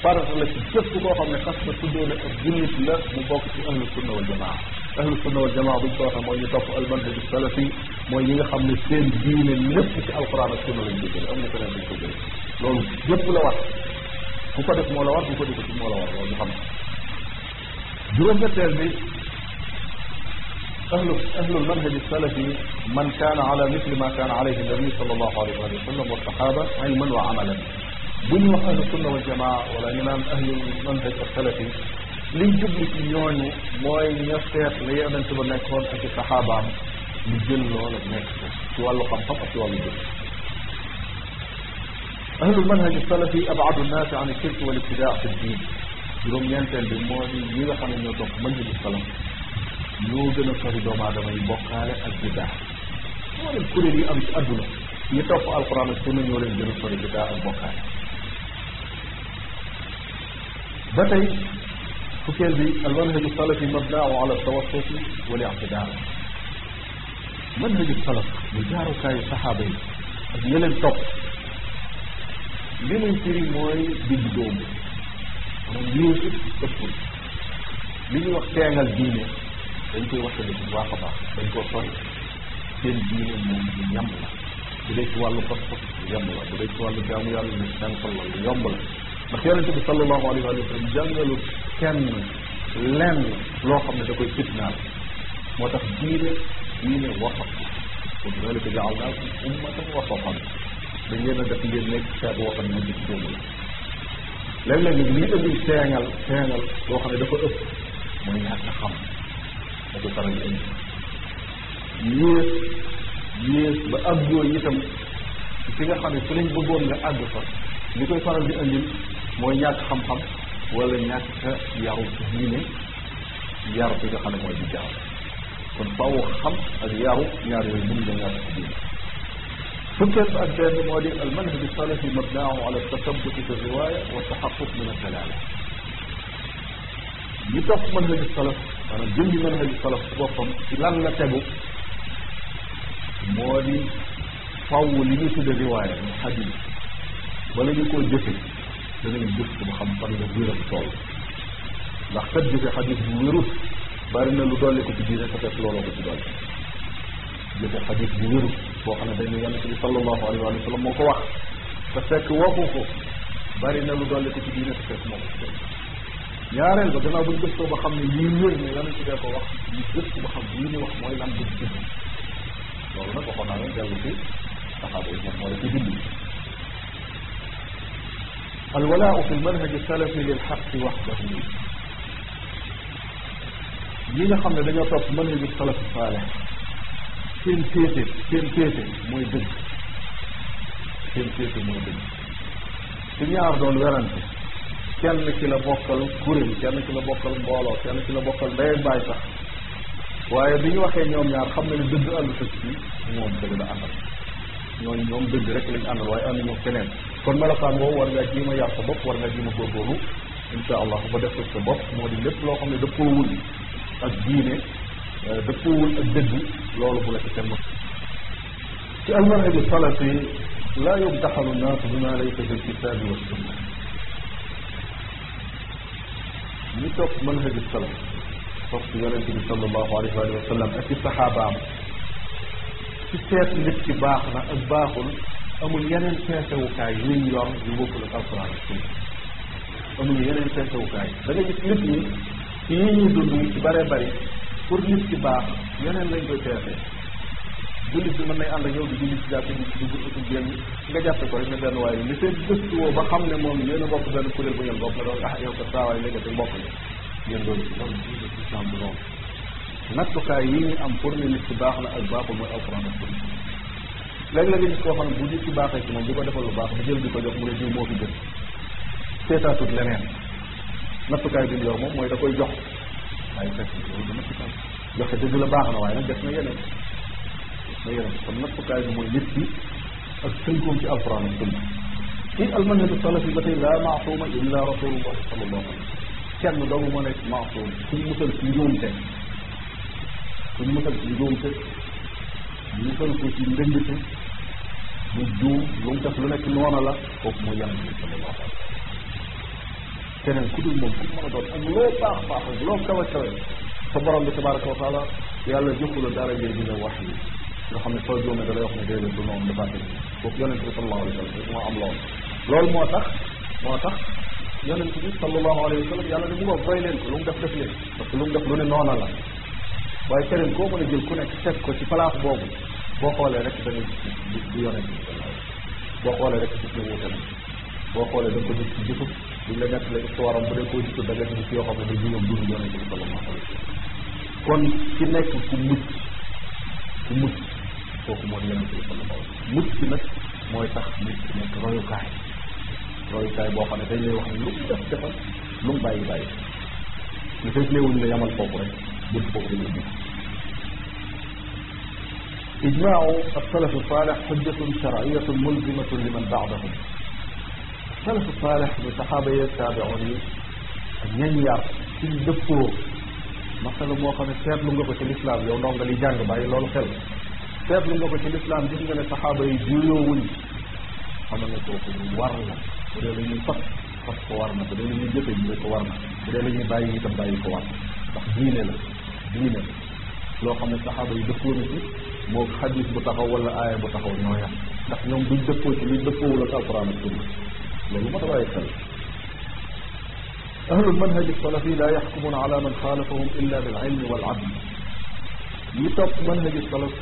farata la ci képp koo xam ne xas na tuddoole ak jullit la mu bokk ci ahlu sunna wal jamaa ahlu sunna wal jamaa bu ñu ko waxee mooy ñu topp almanhaj salafi mooy ñi nga xam ne seen diine lépp ci alquran ak sunna lañ dëggale am na feneen lañ ko jëlee loolu yépp la war bu ko def moo la war bu ko defee moo la war loolu ñu xam juróom-ñetteel bi ahlu ahlul manhaj salafi man kaana ala misli ma kaana alayhi nabi sallallahu alayhi wa sallam wa sahaba ilman wa amalan bu ñu wax ahlu sunna wal jamaa wala ñu naan ahlul manhaj salafi liñ jublu ci ñooñu mooy ña seet la yonente ba nekkoon ak i saxaabaam ñu jël loola nekk ci wàllu xam-xam ak ci wàllu jël ahlul manhaj salafi abaadu nnaasi an shirk wal ibtidaa fi ddin juróom-ñeenteel bi moo di ñi nga xam ne ñoo topp manhaj salaf ñoo gën a sori doomu aadama yi bokkaale ak biddaa moo leen kuréel yi am ci adduna yi topp alxuraan ak sunna ñoo leen gën a sori biddaa ak bokkaale ba tey fukkeel bi al manhaju salafi mabnaahu ala tawassuti wal ictidaar manhaju salaf muy jaarukaayu saxaaba yi ak ña leen topp li muy firi mooy digg doomu maanaam yéesu ëpp li ñuy wax teengal diine dañ koy waxtaanee bu baax a baax dañ koo sori seen diine moom lu yemb la bu dee ci wàllu pas-pas lu yemb la bu dee ci wàllu jaamu yàlla lu simple la lu yomb la ndax yonente bi sallallahu alayhi wa sallam jàngalu kenn lenn loo xam ne da koy fitnaal moo tax diine diine wasat wa kadalika jaalnaakum ummatan wasatan dañ leen a def ngeen nekk xeet woo xam ne mu jik dóomu la léeg-léeg nag lii dañuy seengal seengal loo xam ne dafa ëpp mooy ñàkk a xam da koy faral di indi yées yées ba ab yooyu itam fi nga xam ne fi lañ bëggoon nga àgg fa li koy faral di indil mooy ñàkk xam-xam wala ñàkk yaru diine yaru bi nga xam ne mooy di jaar kon faaw xam ak yaru ñaar yooyu mënu da ñàkk ci diine fukkeel ak benn moo di al manhaj salafi mabnaahu ala tasabbut fi riwaaya wa taxaquq min al dalaala ñi maanaam jëndi mën haju salaf ci lan la tegu moo di faw li ñu tudde riwaaya mu xadis bala ñu koo jëfe danañ gëstu ba xam fan nga wéram tool ndax kat jëfe xadis bu wérut bari na lu dolli le ci diine te fekk looloo ko ci bu wérut boo xam ne dañu yonente bi sallallahu alayhi wa sallam moo ko wax te fekk ko bari na lu dolli ko ci diine te fekk moo ko ci ñaareel ba gannaaw buñ gëstoo ba xam ne lii wér ne yonent bee ko wax ñu gëstu ba xam lii ñu wax mooy lan dëgg dëgg loolu nag waxoon naa leen dellu ci saxaaba yi moom mooy ci bind alwalaau fi lmanhaji salafi lilxaqi waxdahu ñi nga xam ne dañoo topp manhaji salafi saaleh seen téete seen téete mooy dëgg seen téete mooy dëgg su ñaar doon werante kenn ci la bokkal kuréel kenn ci la bokkal mbooloo kenn ci la bokkal ndey ak baay sax waaye bi ñu waxee ñoom ñaar xam na ne dëgg al sax ci moom dëgg la àndal ñooñu ñoom dëgg rek lañu àndal waaye ànduñu keneen kon melokaan woowu war ngaa jéem a yar sa bopp war ngaa jéem a góorgóorlu insha allah ba def ko sa bopp moo di lépp loo xam ne dëppoowul ak diine euh, dëppoowul ak dëgg loolu bu la ci kenn ci almanhaj salafi laa yubtaxalu naasu bima laysa fi lkitaabi wa ñi topp mën a gis salaf topp ci yonent bi sallallahu alayhi wa sallam ak ci saxaabaam ci seet nit ci baax na ak baaxul amul yeneen seetewukaay yuñ yor yu bokkul ak alquran ak sunna amul yeneen seetewukaay da nga gis nit ñi ci yi ñuy dund ci bare bari pour nit ki baax yeneen lañ koy seetee jullit bi mën nay ànd ak yow di julli ci jàpp di di di génn nga jàppe ko rek ne benn waaye li seen gëstu woo ba xam ne moom yéen a bokk benn kuréel bu ngeen bokk nga doon ah yow kat saa waay léegi mbokk la ngeen doon ci loolu islam bu noonu nattukaay yi ñu am pour ne nit ci baax na ak baaxul mooy alquran ak sunna léeg-léeg nit koo xam ne bu nit ci baaxee ci moom di ko defal lu baax bu jël di ko jox mu ne diw moo fi gën seetaatut leneen nattukaay bi ñu yor moom mooy da koy jox waaye fekk loolu du nattukaay joxe dëgg la baax na waaye nag def na yeneen sa yaram kon nattukaay bi mooy nit ki ak tënkoom ci alquran ak sunna ci almanhaj salafi ba tey laa maasuma illa rasulullah sallallahu alayhi wa sallam kenn doomu moo nekk maasum suñ musal ci njuumte suñ musal ci njuumte musal ko ci ndëndite mu juum lu mu def lu nekk noona la kooku mooy yàlla bi sallallahu alayhi wa sallam keneen ku dul moom ku mën a doon ak loo baax baax ak loo kawe kawe sa borom bi tabaraka wa taala yàlla joxu la dara ngir dina wax yi nga xam ne soo juumee da lay wax ne déedéet du noonu dafa teg loolu loolu tax moo tax yonente bi sallallahu alayhi wa sallam yàlla ne mu ngoog doy leen ko lu def def leen parce que lu mu def lu ne noona koo ku nekk teg ko ci place boobu boo xoolee rek da nga gis du yonente boo xoolee rek gis boo xoolee da ko gis ci jëfub buñ la nekk la istuwaaram bu da nga xam ne bi sallallahu alayhi kon ki nekk ku mucc ku mucc kooku mooy yonent bi sallallahu alayhi wasallam mucc bi nag mooy tax nit ki nekk royukaay royukaay boo xam ne dañ lay wax ne lu mu def defal lu mu bàyyi bàyyi li fekk néewuñ la yamal foofu rek bunt foofu dañu ubbi ijmaau as-salaf as-saalih xujjatun sharaiyatun mulzimatun liman baadahum salaf as-saalih muy saxaaba yeeg taabi'un yi ak ñañ yar ci dëppoo masala moo xam ne seetlu nga ko ci lislaam yow ndonga li jàng bàyyi loolu xel seetlu nga ko ci lislaam gis nga ne saxaaba yi juyoowuñ xamal ne kooku lu war la bu dee la ñuy fas fas ko war na bu dee la ñuy jëfe ñu ko war na bu dee la ñuy bàyyi itam bàyyi ko war na ndax diine la diine la loo xam ne saxaaba yi dëppoo na ci moo xadis bu taxaw wala aaya bu taxaw ñoo yam ndax ñoom duñ dëppoo ci luñ dëppoowul ak alquran ak sunna loolu ma ta bàyyi xel ahlul manhaj salafi la yaxkumuuna ala man xaalafahum illa bil ilmi wal adl ñi topp manhaj salaf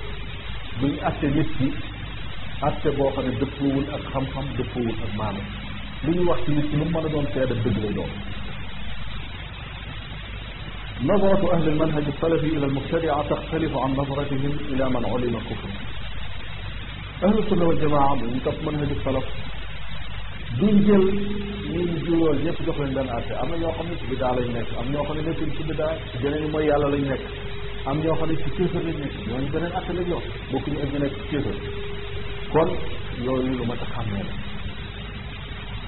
bu ñu atte nit ki atte boo xam ne dëppoowul ak xam-xam dëppoowul ak maanu lu ñu wax ci nit ki lu mën a doon seede dëgg la doon nadratu ahli almanhaj alsalafi ila almubtadia taxtalifu an nadratihim ila man ulima kufr ahlu sunna waljamaa bu ñu topp manhaj salaf duñ jël ñun jiwóor ñëpp jox leen benn atte am na ñoo xam ne ci bidaa lañ nekk am ñoo xam ne nekkuñ ci bidaa yeneen mooy yàlla lañ nekk am ñoo xam ne ci kéefër lañ nekk ñooñu beneen atte lañ yor bokkuñu ak ñu nekk ci kéefër kon yooyu lu mat a xam ne la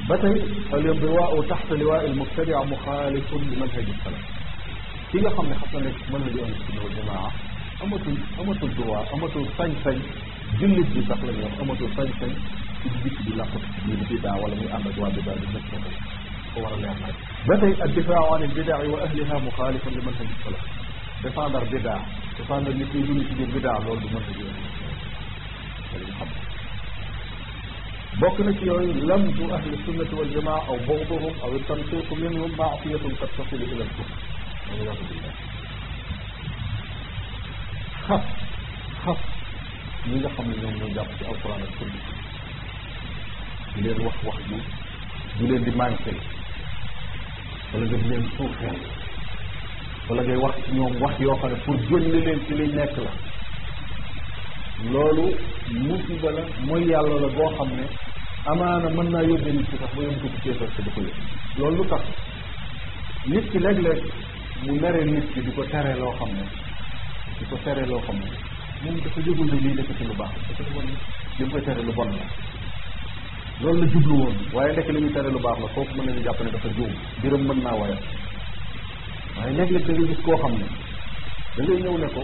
ba tey al indiwaau taxta liwaa al mubtadia muxaalifun li manhaji salaf ki nga xam ne xam na nekk mën na di ahlu sunna wal jamaa amatul amatul droit amatul sañ-sañ jullit bi sax la ñuy wax amatul sañ-sañ ci jikk bi làqut ci biir bidaa wala muy ànd ak waa bidaa bi nekk ko ko war a leer nag ba tey ad difaa an al bidaa wa ahliha muxaalifun li manhaji salaf défendre biddaa défendre nit kuy dund ci biir biddaa loolu du mën a jël dañu xam bokk na ci yooyu lamdu ahli sunnati wal jamaa aw bughduhum aw tansiqu minhum maasiyatun qad tasilu ila al kufr waliyaadu billah xas xas ñi nga xam ne ñoom ñoo jàpp ci alquran ak sunna di leen wax wax ji di leen di wala nga di leen suufeel wala ngay wax ci ñoom wax yoo xam ne pour génne leen ci liñ nekk la loolu musiba la mooy yàlla la boo xam ne amaana mën naa yóbbee nit ki sax ba yóbbu ko ci kéefar te du ko yëg loolu lu tax nit ki léeg-léeg mu mere nit ki di ko tere loo xam ne di ko tere loo xam ne moom dafa yëgul ne lii nekk ci lu baax dafa ko mu koy tere lu bon la loolu la jublu woon waaye nekk li muy tere lu baax la foofu mën nañu jàpp ne dafa juum biram mën naa wayal waaye léeg-léeg da ngay gis koo xam ne da ngay ñëw ne ko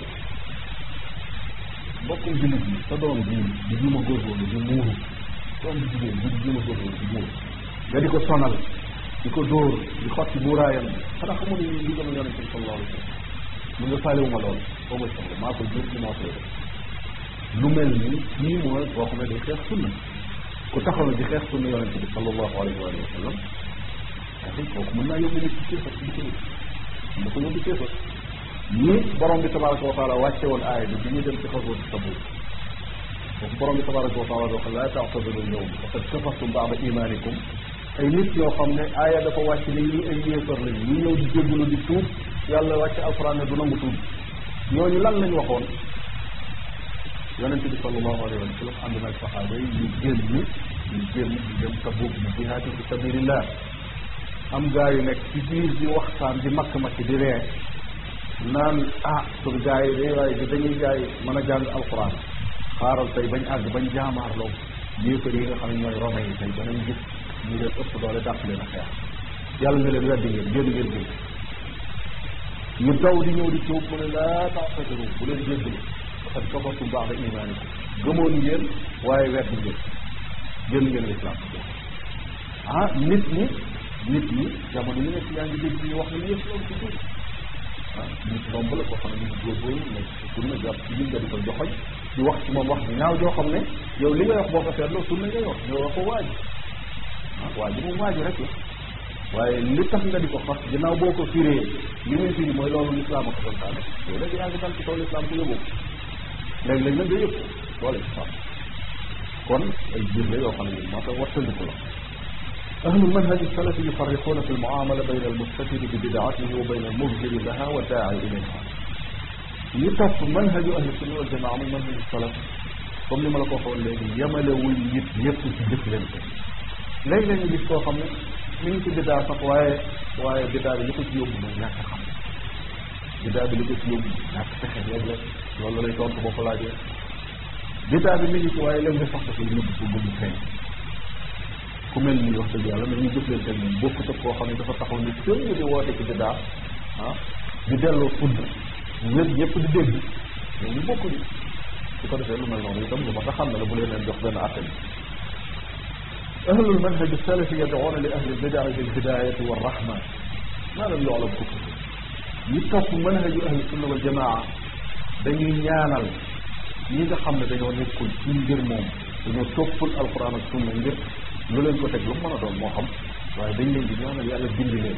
bokkum jullit bi sa doom bi di juuma góorgóorlu di muuru doom bi jigéen bi di juuma góorgóorlu di muuru nga di ko sonal di ko dóor di xotti buuraayam bi xanaa xamu ne li gën a yonente bi sallallahu alayhi wa sallam mun nga faalewu ma lool boo may soxla maa ko jur li maa koy def lu mel ni kii mooy boo xam ne day xeex sunna ku taxaw na di xeex sunna yonente bi sallallahu alayhi wa sallam kooku mën naa yóbbu nit ci parce que mosu ñu di kéefar ni borom bi tabaraka wa taala wàcce woon aaya bi bi ñuy dem ci xaswatu Tabuk foofu borom bi tabaraka wa taala wax laa taxtadiru l-yawm faqad kafartum ba'da imaanikum ay nit yoo xam ne aaya dafa wàcc ne ñi ay yéefar lañu ñu ñëw di jéggalu di tuub yàlla wàcce alxuraan ne du nangu tuub ñooñu lan lañ waxoon yonente bi sallallahu alayhi wa sallam ànd na ak saxaaba yi ñu génn ñu génn di dem Tabuk bi jihaati fi sabilillah am gaa yu nekk ci biir di waxtaan di makk makk di ree naan ah suñu gaa yi dañuy gaa yi mën a jàng alquran xaaral tey bañ àgg bañ jaamaarloo yéefar yi nga xam ne ñooy rome yi tey danañ gis ñu leen ëpp doole dàq leen a xeex yàlla na leen weddi ngeen ñu daw di ñëw li tuub mu ne laa taxtadiru bu leen jéggalu parce que kafartum waaye weddi ngeen génn ngeen lislaam ah, nit ñi nit ñi jamono yi nekk yaa ngi dégg ñu wax ne yëpp loolu ci biir ah la koo xam ne nit góorgóorlu nekk nga di ko joxoñ di wax ci moom wax ñaaw joo xam ne yow li ngay wax boo ko seetloo sunna ngay wax ñoo wax ko waaj ah waaj moom waaj rek la waaye li tax nga di ko fas ginnaaw boo ko firee li muy firi mooy loolu lislaam ak santaane yooyu léegi yaa ngi dal ci kaw lislaam ko yóbbu léegi léegi nag yëpp kon ay biir la yoo xam ne moo tax wattandiku la أهل المنهج السلفي يفرقون في المعاملة بين المستفيد ببدعته وبين المظهر لها والداعي إليها yitaf manhaj ahlu sunna wal jamaa muy manhaj salaf comme ni ma la ko waxoon léegi yemalewul nit yëpp ci jëflante léegi lañu gis koo xam ne mi ngi ci biddaa sax waaye waaye biddaa bi li ko ci yóbbu mooy ñàkk xam biddaa bi li ko ci yóbbu ñàkk pexe léeg-léeg loolu lay tontu boo ko laajee biddaa bi mi ngi ci waaye léeg nga sax ko ci nëbb bu bëgg feeñ ku mel nii wax dëgg yàlla dañuy jëflante ak moom bokkut ak koo xam ne dafa taxaw ne tënk di woote ci bidaa ah di delloo fudd ñëpp ñëpp di dégg ñooñu bokkuñu su ko defee lu mel noonu itam lu ma ta xam ne la bu leen leen jox benn atte bi ahlul manhaj salafi yad'una li ahli bidaa bil hidaayati wa rahma maa lam yu'lam kufr ñi topp manhaju ahli sunna wal jamaa dañuy ñaanal ñi nga xam ne dañoo nekkul ci ngir moom dañoo toppul alquran ak sunna ngir lu leen ko teg lu mu a moo xam waaye dañ leen di ñaanal yàlla bindi leen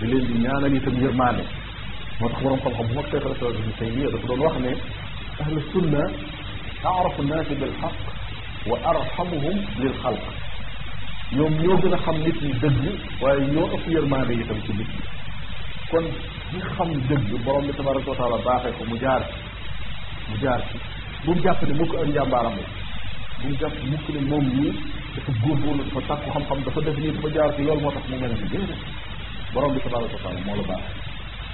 di leen di ñaanal itam yërmaane moo tax borom xam-xam bu mag Cheikh al-Islam Ibn Taymiyya wax ne ahlu sunna aarafu naasi bil xaq wa arxamuhum lil xalq ñoom ñoo gën a xam nit ñi waaye ñoo ëpp yërmaande itam ci nit ñi kon di xam dëgg borom bi tabaraka wa taala baaxee ko mu jaar mu jaar ci bu mu jàpp mu jàpp dafa góorgóorlu dafa tàkku xam-xam dafa def nii dafa jaar ci loolu moo tax mu mel ni déedéet borom bi tabaraka taala moo la baax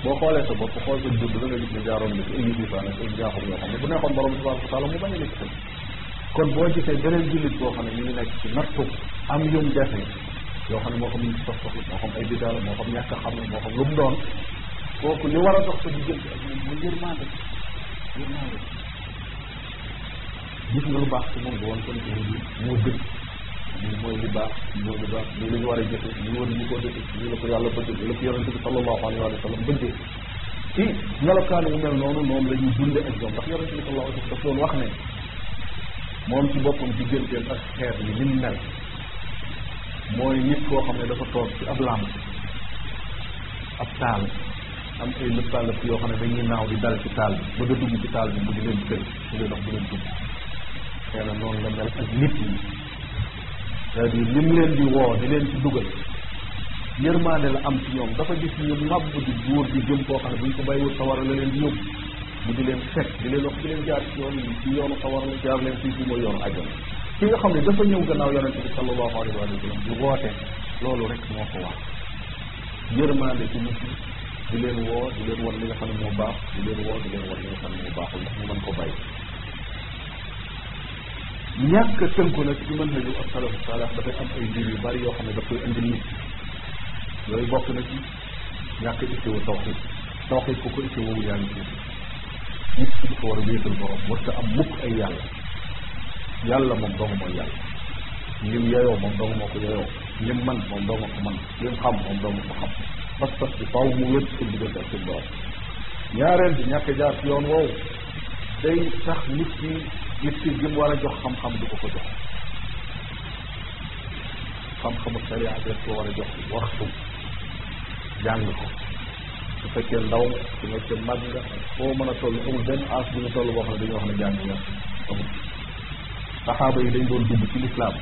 boo xoolee sa bopp xool sa judd da nga gis ne jaaroon na ci ay diisaan ak ay jaaxum yoo xam ne bu neexoon borom bi tabaraka taala mu bañ a nekk kon boo gisee beneen jullit boo xam ne ñu ngi nekk ci nattu am yum defe yoo xam ne moo xam ñu ci sox soxla moo xam ay bidaa la moo xam ñàkk a xam la moo xam lu mu doon kooku li war a dox sa diggante ak moom mu yërmande yërmande gis nga lu baax ci moom bu woon kon ko moo gën lii mooy li baax mooy li baax lii la ñu war a jëfe lii war ñu koo la ko yàlla bëgg lii la ko yonente bi sallallahu alayhi wa sallam bëggee ci melokaan wu mel noonu noonu la ñuy dunde ak ñoom ndax yonente bi sallallahu alayhi wa sallam daf doon wax ne ci boppam digganteem ak xeer yi ni mu mel mooy nit koo xam ne dafa toog ci ab làmp ab taal am ay lëppalëp yoo xam ne dañuy naaw di dal ci taal bi bëgg a dugg ci taal bi mu di leen tëj mu leen wax bu leen dugg xëy noonu la cest à lim leen di woo di leen ci dugal yërmaande la am ci ñoom dafa gis ñu màbb di góor di jëm koo xam ne bu ñu ko bàyyiwul sawara la leen di yóbbu mu di leen fekk di leen wax di leen jaar ci yoon yi ci yoonu sawara la jaar leen fii fii mooy yoonu ajjana ki nga xam ne dafa ñëw gannaaw yonente bi sallallahu alayhi wa sallam di woote loolu rek moo ko wax yërmaande ci nit ñi di leen woo di leen wan li nga xam ne moo baax di leen woo di leen wan li baaxul ndax ñu mën ñàkk a tënku nag ci mën nañu ak salafu salax dafay am ay mbir yu bari yoo xam ne daf koy indil nit yooyu na ci ñàkk ittiwu tawxid tawxid ku ko ittiwoowu yaa ngi ci nit dafa war a wéetal borom warta am mukk ay yàlla yàlla moom dong mooy yàlla lim yeyoo moom dong moo ko man moom dong man lim xam moom dong ko xam pas-pas bi mu wér seen diggante ak seen borom ñaareel bi ñàkk jaar ci yoon woowu day tax nit gis-gis gi mu a jox xam-xam du ko ko jox xam-xamu sariya def ko war a jox waxtu jàng ko su fekkee ndaw nga su nekkee mag nga foo mën a toll amul benn as bu ñu toll boo xam ne dañuy wax ne jàng nga amul saxaaba yi dañ doon dugg ci lislaam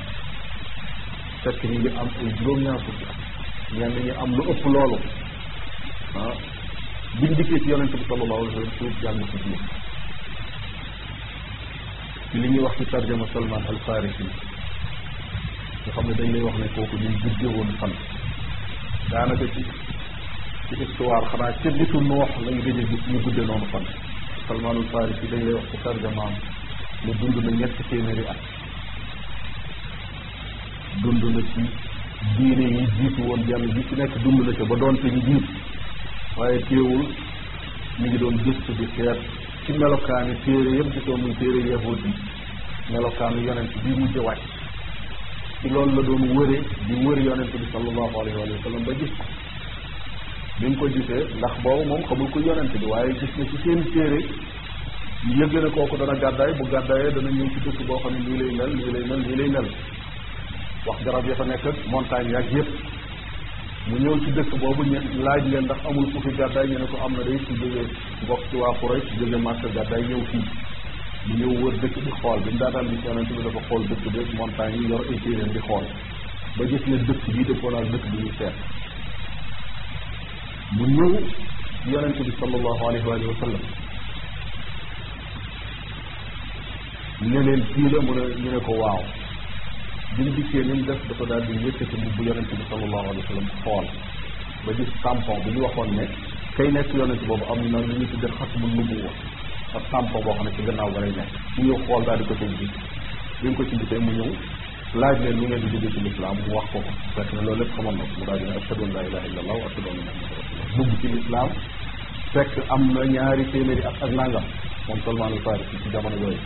fekk ñu ngi am ay juróom-ñaar fukki am lu ëpp loolu ah biñ dikkee ci yonente bi sallallahu alayhi wa sallam suuf jàng ci biir li ñuy wax ci tarjama Salman al Farisi xam ne dañ lay wax ne kooku ñu judde woon fan daanaka ci ci histoire xanaa ca nitu noox lañ gëj a gis ñu gudde noonu fan Salman al Farisi dañ lay wax ci tarjamaam ne dund na ñetti téeméeri at dund na ci diine yi jiitu woon jàmm ji ci nekk dund na ca ba doonte ñu jiit waaye teewul ñu ngi doon gëstu di seet ci melokaani téere yëpp gisoo muy téere yahuud bi melokaanu yonent bii mujj wàcc ci loolu la doon wëre di wër yonent bi sallallahu alayhi wa sallam ba gis ko bi ko gisee ndax boobu moom xamul ko yonent bi waaye gis na ci seen téere yëg na kooku dana gàddaay bu gàddaayee dana ñëw ci dëkk boo xam ne nii lay mel nii lay mel nii lay mel wax garab ya fa nekk ak montagne yaak yëpp mu ñëw ci dëkk boobu ñu laaj leen ndax amul ku fi gàddaay ñu ne ko am na day ci jóge mbokk ci waa Quraysh ci jóge Màkka gàddaay ñëw fii mu ñëw wër dëkk bi xool bi mu daataan bi yonente bi dafa xool dëkk bi montagne yi yor ay téeréen di xool ba gis ne dëkk bii dëppoo naag dëkk bi ñu seet mu ñëw yonente bi sallallahu alayhi wa sallam ne leen fii la mu ne ñu ne ko waaw bi ñu dikkee li mu def dafa daal di yëkkati mbubb yonente bi sallallahu alayhi wa xool ba gis tampon bi ñu waxoon ne kay nekk yonente boobu am na lu ñu tudde xatmu nubuwa ak tampon boo xam ne ci gannaaw ba lay nekk mu ñëw xool daal di ko tëj bi bi ñu ko ci bitee mu ñëw laaj leen lu ngeen di duggee ci lislaam mu wax ko ko fekk loolu lépp xamoon na mu daal di ne ashadu an laa ilaha illa allah wa ci lislaam fekk am na ñaari téeméeri at ak nangam moom Salmaan al Faarisi jamono yooyu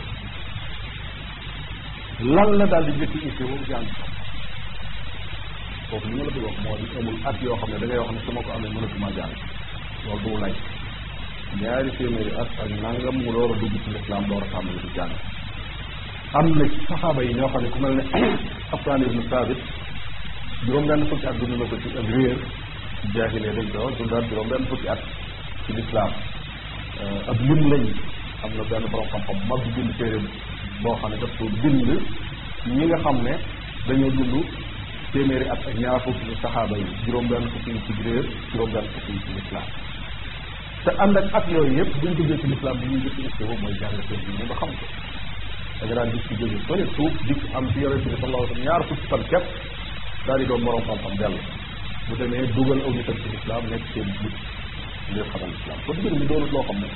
lan na daal di jëkk itte woom jàng foofu li ma la bëgg moo di amul at yoo xam ne da wax ne su ma ko amee mënatuma jàng loolu du lay ñaari téeméeri at ak nangam mu door dugg ci lislaam door a tàmbali di jàng am na ci saxaaba yi ñoo xam ne ku mel ne Safwaan ibnu Saabit juróom benn juróom benn fukki at ci euh, am na benn borom xam mag bu bind téere boo xam ne daf ko bind ñi nga xam ne dañoo dund téeméeri at ak ñaar fukki ci saxaaba yi juróom-benn fukki yi ci gréer juróom-benn fukki yi ci lislaam te ànd ak at yooyu yëpp buñ duggee ci lislaam bi ñuy gis ci boobu mooy jàng seen diine xam ko da nga daan gis ci jóge fële suuf dikk am ci yonente bi sallallahu alayhi ñaar fukki fan képp daal di doon borom xam-xam dellu bu demee dugal aw nitam ci lislaam nekk seen nit ngir xamal lislaam kon mbir mi doonut loo xam ne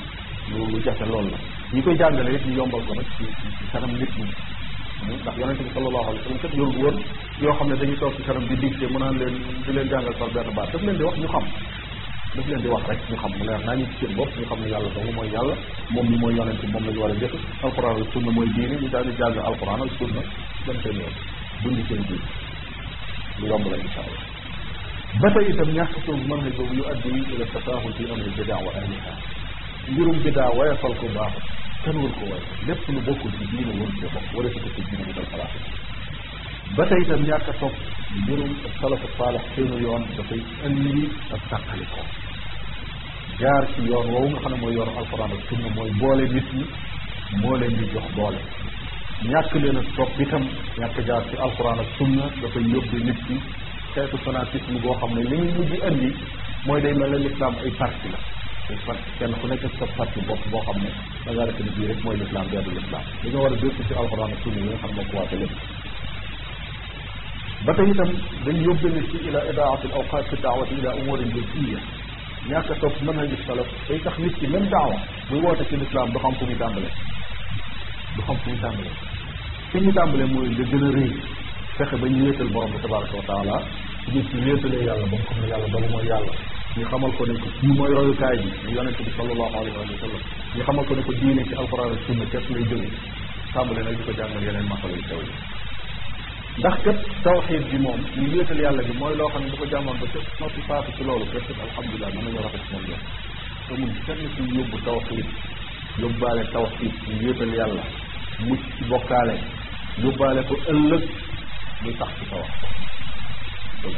lu lu jafe loolu la koy jàngale ñu yombal ko nag ci ci kanam nit ñi ndax yonente bi sallallahu alayhi wa sallam kat yoru woon yoo xam ne dañuy toog ci kanam di digte mu naan leen di leen jàngal par benn baat daf leen di wax ñu xam leen di wax rek ñu xam mu leer naa ñu ci seen bopp ñu xam ne yàlla dong mooy yàlla moom mi mooy yonente moom la ñu war a njëkk alquran ak sunna mooy diine daal di jàng alquran ak sunna dem seen yoon dundi seen diine lu yomb la insha allah ba tey itam ñàkk soobu mën na boobu yu addi ila tasaahul fi amri bidaa wa mbirum bidaa woyofal ko baaxut kenn war ko woy lépp lu bokkul ci diine waru ci bokk war ko ci diine bu dal xalaat ba tey itam ñàkk a topp mbirum salafu saalax seenu yoon dafay indi ak ko jaar ci yoon woowu nga xam ne mooy yoonu alxuraan ak mooy boole nit ñi moo leen di jox boole ñàkk leen a topp itam ñàkk jaar ci alxuraan ak sunna dafay yóbbu nit ñi xeetu fanatisme boo xam ne li muy mujj indi mooy day mel ne lislaam ay parti la te fat kenn ku nekk sa fàttu bopp boo xam ne da ngaa rek ne bii rek mooy lislaam deedu lislaam li nga war a dëkk ci alxuraan ak sunna yi nga xam ne ko waate lépp ba tey itam dañ yóbbale ci ila idaati al awqat fi daawati ila umurin juz'iyya ñàkk a topp mën a gis salaf day tax nit ki même daawa buy woote ci lislaam du xam fu muy tàmbale du xam fu muy tàmbale fi ñu tàmbale mooy la gën a rëy fexe ba ñu wéetal borom bi tabaraka wa taala nit ki wéetalee yàlla ba mu xam ne yàlla dong mooy yàlla ñu xamal ko ne ko kii mooy royukaay bi ñu yonente bi sallallahu ñu xamal ko ne ko diine ci alquran ak sunna kees lay jóge tàmbale nag di ko jàngal yeneen ma yu sew yi ndax kat tawxiid bi moom ñu wéetal bi mooy loo xam ne bu ko jàmmoon ba ca noppi faatu ci loolu kat alhamdulilah mën nañu rafet moom yoon te mun kenn ci yóbbu tawxiid yóbbaale tawxiid ñu wéetal yàlla mucc ci bokkaale yóbbaale ko ëllëg li tax ci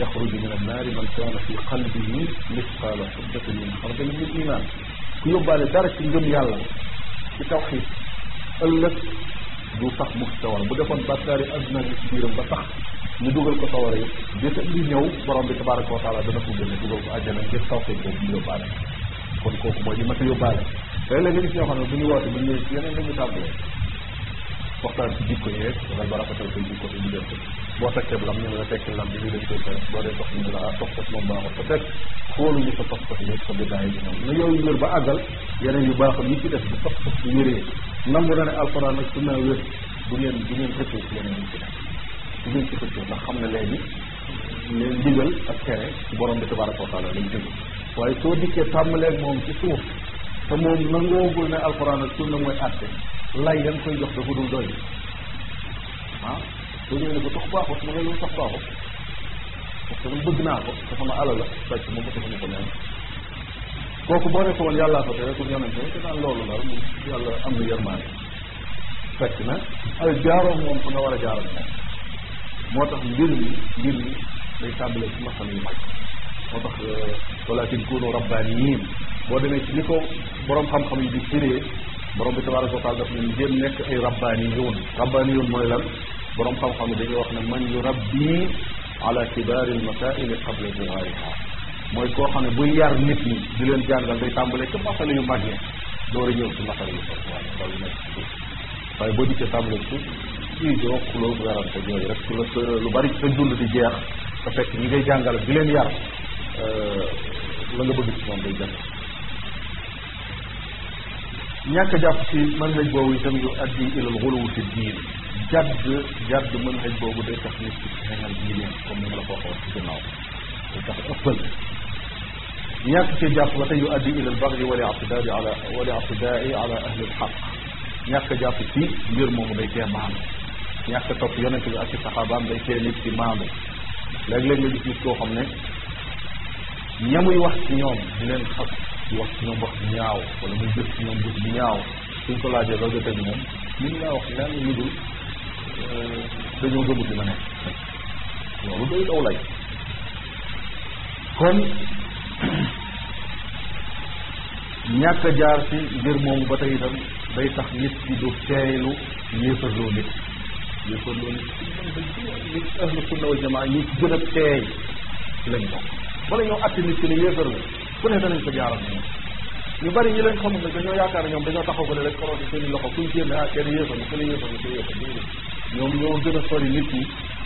yaxruju min annaari man kaana fi qalbihi misqaala xubbatin min xardalin min iman ku yóbbaale dara ci ngëm yàlla ci tawxid ëllëg du sax mu sawara bu defoon bàkkaari adduna bi ci biiram ba tax ñu dugal ko sawara yëpp bés li ñëw borom bi tabaraka wa taala dana ko génne dugal ko àjjana ngir tawxid boobu mu yóbbaale kon kooku mooy li ma ko yóbbaale léeg-léeg nga gis ñoo xam ne bu ñu woote bu ñu yeneen la ñu waxtaan ci jikko yi rek dangay ba rafetal seen jikko te diggante boo tekkee lam ñu ne la tekki lam bi ñu def koy def boo dee dox ñu ne la ah pas-pas moom baaxul te fekk xooluñu sa pas-pas yi na yooyu wér ba àggal yeneen yu baaxul yi ci def bu pas-pas bu wéree nangu na ne alxuraan ak sunna wér du ngeen du ngeen xëccoo ci yeneen yi ci def du ngeen ci xëccoo ndax xam ne léegi leen digal ak tere ci borom bi tabaraka wa taala lañ jóge waaye soo dikkee tàmmalee moom ci suuf te moom nangoogul ne alxuraan ak sunna mooy àtte lay da nga koy jox dafa dul doy ah ba ñëw ne ko tax baaxut ma nga yow tax baaxut parce que man bëgg naa ko te sama alal la sàcc moom dafa ma ko neen kooku boo nekkoon yàllaa ko tere pour yonente te naan loolu la mu yàlla am na yërmaane fekk na ay jaaro moom fa nga war a jaaral moo tax mbir mi mbir mi day tàmbalee ci masal yu mag moo tax euh, kunu rabbaniin boo demee ci ni ko boroom xam-xam yi di firee borom bi tabaraka wa taala daf leen jéem nekk ay rabbaaniyuun rabbaaniyuun mooy lan borom xam-xam yi dañuy wax ne man yu rabbi ala kibaari almasaili qabla digaariha mooy koo xam ne buy yar nit ñi di leen jàngal day tàmbalee ca masale yu mag yi door a ñëw ci masale yu soxla waaye ndaw yu nekk ci suuf waaye boo dikkee tàmbalee suuf sii joo xuloo werante ñooyu rek su la sa lu bari sa dund di jeex te fekk ñi ngay jàngal di leen yar euh, la nga bëgg ci moom day jàng ñàkk a jàpp ci manhaj boobu itam yu addi ilal xuluw fi diin jàdd jàdd manhaj boobu day tax nit ci xeexal diine comme ni ma la ko waxoon ci gannaaw day tax ëppal ñàkk cee jàpp ba tey yu addi ilal bagyi wali atidaadi ala wali atidaai ala ahli alxaq ñàkk a jàpp ci mbir moomu day tee maandu ñàkk a topp yonent bi ak ci saxaabaam day tee nit ci maandu léeg-léeg nga gis nit koo xam ne ñamuy wax ci ñoom di leen xas di wax ci ñoom wax bu ñaaw wala muy jëf ci ñaaw suñ ko laajee loolu jotee bi moom ñu laa wax lenn lu dul euh, dañoo gëmut li ma nekk loolu doy daw lay kon ñàkk jaar ci ngir moomu ba tey itam day tax nit ki du teeylu yéefarloo nit yéefarloo nit nit ahlu sunna wal jamaa ñi gën a teey ci lañ bokk wala ñoo atte nit ki ne yéefar la ku ne danañ ko jaaral ñu bari ñi leen xamul nag dañoo yaakaar ne ñoom dañoo taxaw ko ne rek koroo di i loxo kuñ génn ah kenn yéefar kenn yéefar kenn ñoo gën a sori nit ñi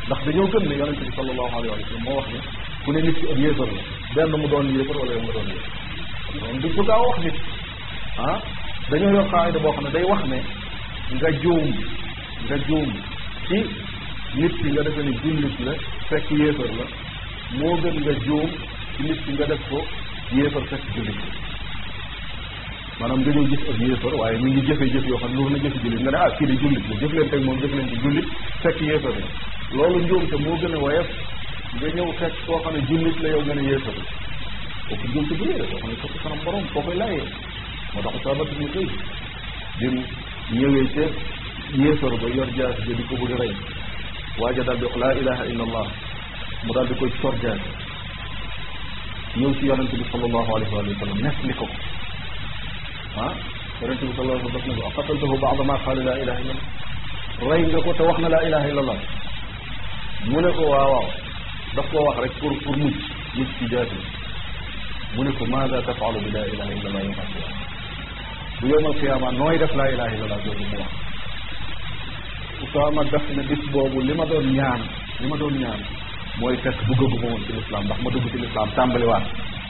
ndax dañoo gëm ne yonente bi sallallahu alayhi wa sallam moo wax ne ku ne nit ki ab yéefar la benn mu doon yéefar wala yow nga doon yéefar moom du ko gaaw wax nit ah dañoo yor xaayida boo xam ne day wax ne nga juum nga juum ci nit ki nga defe ne jullit la fekk yéefar la moo gën nga juum ci nit ki nga def ko yéefar fekk jullit maanaam dañoo gis ak yéefar waaye mi ngi jëfe jëf yoo xam ne lu na jëfe jullit nga ne ah kii de jullit la jëf leen teg moom jëf leen ci jullit fekk yéefar la loolu njuumte moo gën a woyof nga ñëw fekk koo xam ne jullit la yow nga ne yéefar la kooku njuumte bu yéere koo xam ne kooku kanam borom koo koy laayee moo tax sabat ñu koy dim ñëwee ca yéefar ba yor jaas ja di ko bëgg a rey waaja daal di wax laa ilaha illa allah mu daal di koy sor jaas ñëw ci yonente bi sallallahu alayhi wa sallam nettali ko ah yonente bi sallallahu alayhi wa sallam daf ne ko qataltahu baada ma qaala laa ilaha illa allah rey nga ko te wax na laa ilaha illa allah mu ne ko waaw waaw daf koo wax rek pour pour mucc mucc ci jaasi mu ne ko maada tafalu bi laa ilaha illa allah yowmal qiyaama bu yowmal qiyaama nooy def laa ilaha illa allah jooju mu wax Usaama daf ne bis boobu li ma doon ñaan li ma doon ñaan mooy fekk duggagu a woon ci lislaam ndax ma dugg ci lislaam tàmbaliwaat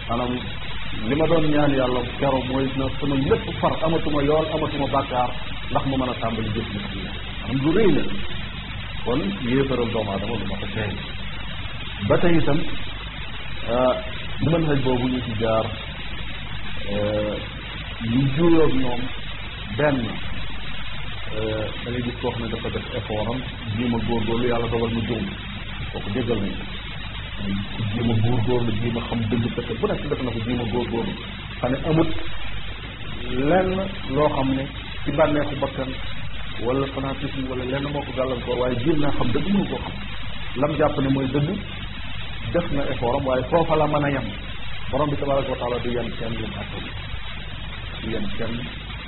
maanaam li ma doon ñaan yàlla kero mooy na sama lépp far amatuma yool amatuma bàkkaar ndax ma mën a tàmbali jëf li si am lu rëy lu ma ko teey ba tey ah, boobu ñu ci jaar eh, benn eh, da ngay ne dafa def effort am yàlla dogal mu juum kooku déggal nañ ko jéem a góorgóorlu jéem a xam dëgg parce que bu nekk def na ko jéem a góorgóorlu xam ne amut lenn loo xam ne ci bànneexu bakkan wala fanatisme wala lenn moo ko gàllankoor waaye jéem naa xam dëgg mënu ko xam lam jàpp ne mooy dëgg def na effort am waaye foofa la mën a yem borom bi tabaraka wa taala du yem kenn lu mu àttan du yem kenn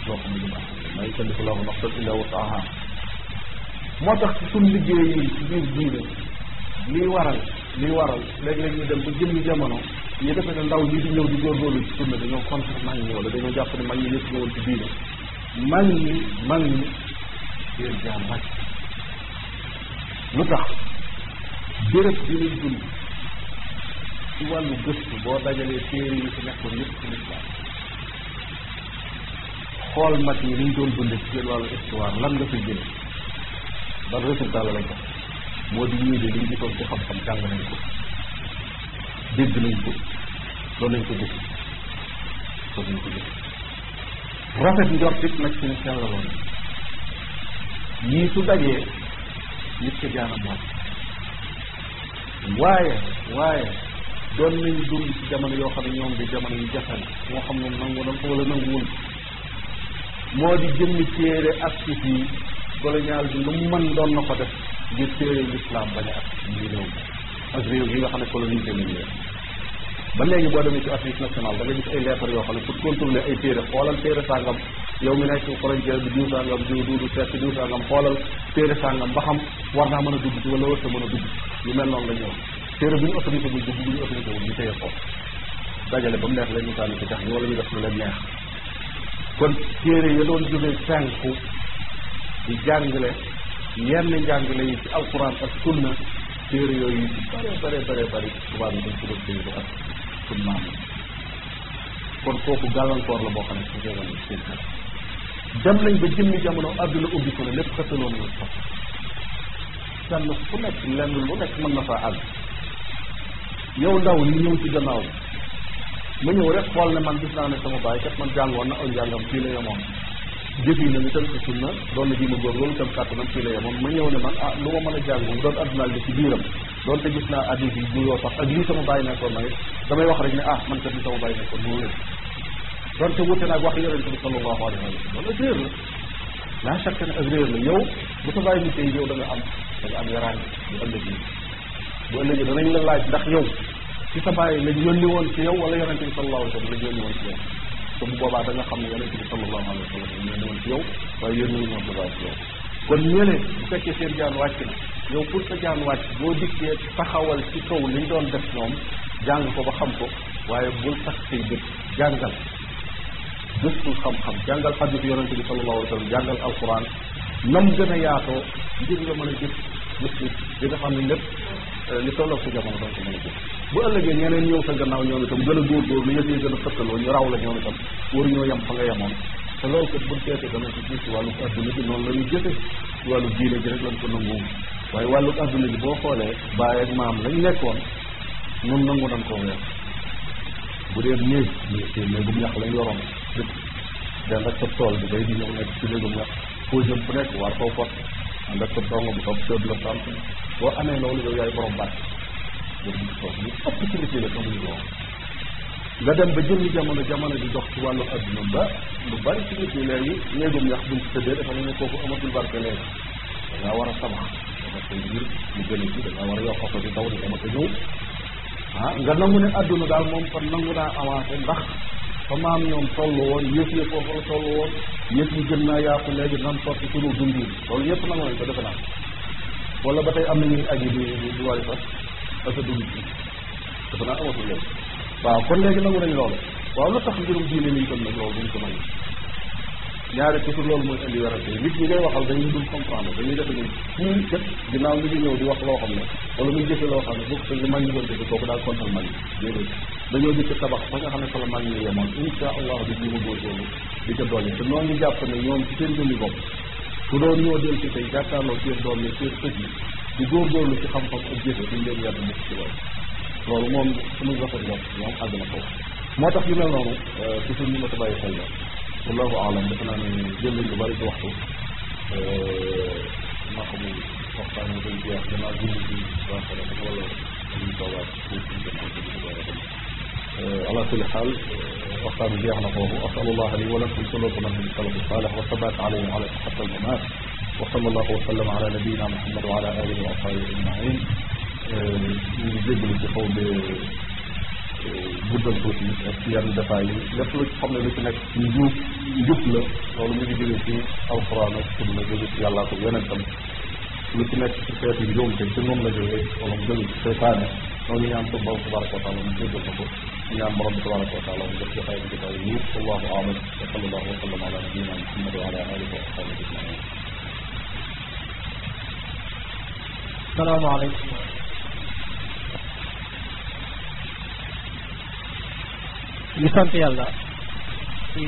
loo xam ne lu mu àttan may sandiko laahu nafsan moo tax ci suñ liggéey yi ci biir liy waral liy waral léeg-léeg ñu dem ba jëmmi jamono ñu defe ne ndaw ñi di ñëw di góorgóorlu ci sunna dañoo contre mag ñi wala dañoo jàpp ne mag ñi ñëpp ñëwoon ci diine mag ñi lu tax béréb bi ñuy ci wàllu gëstu boo dajalee téere yi fi nekkoon yëpp ci lislaam xool mag ñi liñ doon dund ci wàllu histoire lan nga fi jële ban résultat lañ ko moo di ñii de liñ gisoon ci xam-xam jàng nañ ko dégg nañ ko loolu lañ ko jëf loolu lañ ko jëf rafet njort it su dajee nit ko jaanam moom waaye waaye doon nañ dund ci jamono yoo xam ne ñoom di jamono yu jafe moo xam ne nangu na ko wala nanguwul moo di jëmmi téere ak suuf yi colonial bi lu mu mën doon na ko def ngir téere lislaam bañ a ak ñi réew ak réew yi nga xam ne colonisé nañu leen ba léegi boo demee ci office national da nga gis ay lettres yoo xam ne pour contrôler ay téere xoolal téere sàngam yow mi nekk frontière bi diw sàngam diw duudu seet diw sàngam xoolal téere sàngam ba xam war naa mën a dugg ci wala wërta mën a dugg yu mel noonu la ñëw téere bu ñu autorisé bu dugg bu ñu autorisé bu ñu téye ko dajale ba mu neex leen ñu sànni ci tax ñu wala ñu def lu leen neex kon téere ya doon jógee sànku di jàngale yenn njàngale yi ci alquran ak sunna téere yooyu yu bare bare bare bëri tubaab yi dañ ko doon téere kon kooku gàllankoor la boo xam ne su fekkee ne dem nañ ba jëmmi jamono àdduna ubbi ko ne lépp xëttaloon na sax kenn ku nekk lenn lu nekk mën na faa àgg yow ndaw li ñëw ci gannaaw ma ñëw rek xool ne man gis naa ne sama baay kat man jàngoon na aw njàngam fii la yemoon jëf yi nag sunna doon na ji ma góor loolu itam kàttanam fii la yemoon ma ñëw ne man ah lu ma mën a jàngoon doon addunaa li ci biiram doon te gis naa addis yi bu yoo sax ak lii sama bàyyi ne ah man kat li sama bàyyi nekkoon loolu rek doon te wute naag bi sallallahu alayhi wa sallam loolu ak réer la laa chaque ne ak réer la yow bu sa bàyyi nit yi yow da am da nga am yaraan bu ëllëgee bu ëllëgee danañ la laaj ndax yow ci sa bàyyi lañ yónni woon ci yow wala yonente bi sallallahu alayhi wa sallam lañ yónni woon ci yow te bu boobaa da xam ne yonente bi sallallahu alayhi wa sallam ñoo demoon ci yow waaye yéen ñu ñoon dara ci yow kon ñële bu fekkee seen jaan wàcc na yow pour sa jaan wàcc boo dikkee taxawal ci kaw li ñu doon def ñoom jàng ko ba xam ko waaye bul tax say bët jàngal gëstul xam-xam jàngal xadiis yonente bi sallallahu alayhi wa sallam jàngal alquran nam gën a yaatoo ngir nga mën a gis gis xam ne lépp eh, li tolloo ko jamono doon ko bu ëllëgee ñeneen ñëw sa gannaaw ñoom itam gën a góorgóor lu yëf yi gën a fëttaloo ñu raw la ñoo yem fa nga yemoon te loolu kat buñ seetee dana ko gis wàllu adduna bi jëfe wàllu diine ji rek lañ ko nanguwu waaye wàllu adduna bi boo xoolee baay ak maam lañ nekkoon nun nangu nañ ko weer bu dee néeg néeg néegum ñax lañ yoroon dëkk den ak bi day di ñëw nekk ci néegum ñax jëm bu nekk war koo fot ànd ak bu topp sëb la sant boo amee loolu yow yaay borom bàtt jëriñ toog lu ëpp ci dem ba jëmmi jamono jamono di dox ci wàllu adduna ba lu bari ci nit ñi léegi néegum ñax buñ ci tëddee dafa ne war a tabax dafa ko ngir mu a ji dangaa a yokk ko ah, nga nangu ne adduna daal moom par nangu naa avancé ndax fa maam ñoom toll woon yëf ya la toll woon yëf yi gën naa yaatu léegi nan sotti sunu dundin loolu yëpp nangu nañ ko defe naa wala ba tey am na ñuy aji di di wari sax asa dugub ji dafa naa amatul loolu waaw kon léegi nangu nañ loolu waaw lu tax mbirum diine mi kon nag loolu duñ ko nangu ñaari toujours loolu mooy indi werante yi nit ñi ngay waxal dañuy dul comprendre dañuy defe ne kii kat ginnaaw mi ngi ñëw di wax loo xam ne wala muy jëfe loo xam ne bokk te li mag ñi doon defe kooku daal kontal mag ñi déedéet dañoo tabax ba nga xam ne fa la mag ñi yemoon insha allah di jiima góorgóorlu di ca dolli te noonu ñu jàpp ne ñoom ci seen jëmmi bopp doon ñoo del ci tey jàkkaarloo seen doom yi seen sët yi di góorgóorlu ci xam-xam ak jëfe duñ leen yedd mukk ci loolu loolu moom suñu rafet bopp moom àgg na foofu moo tax yu mel noonu toujours euh, ñu ma ko bàyyi xel la wallahu alam dafa naa ne jël nañ lu bari ci waxtu euh, ma xamul waxtaan yi day jeex danaa julli bi baaxala dafa wala ñu toogaat tuuti gannaaw bi ñu door a dem ala kulli xaal euh, waxtaan bi jeex na foofu asalullah li wa lakum suluukunaa min salafi saalih wa sabat alayhim ala hatta al mamat wasala allahu wasallam ala nabiyina muhammad wa ala alihi wa ashabihi ajmain ñu ngi jéggalu ci xaw be eh, guddal tuuti ak ci yenn détails yi lépp lu xam ne lu ci nekk ci njub njub la loolu mu ngi jóge ci alquran ak sunna jóge ci yàllaa ko yonentam lu ci nekk ci xeeti njuumte ci moom la jógee wala mu jóge ci seytaane noonu ñaan suñu borom tabaraka wa taala mu jéggal ko ko ñaan borom tabaraka wa taala mu def jotaay bi jotaay yi wallahu aalam wa sallallahu wa sallam ala nabiyina muhammad wa ala alihi wa ashabihi ajmain السلام عليكم ñu sant yàlla ci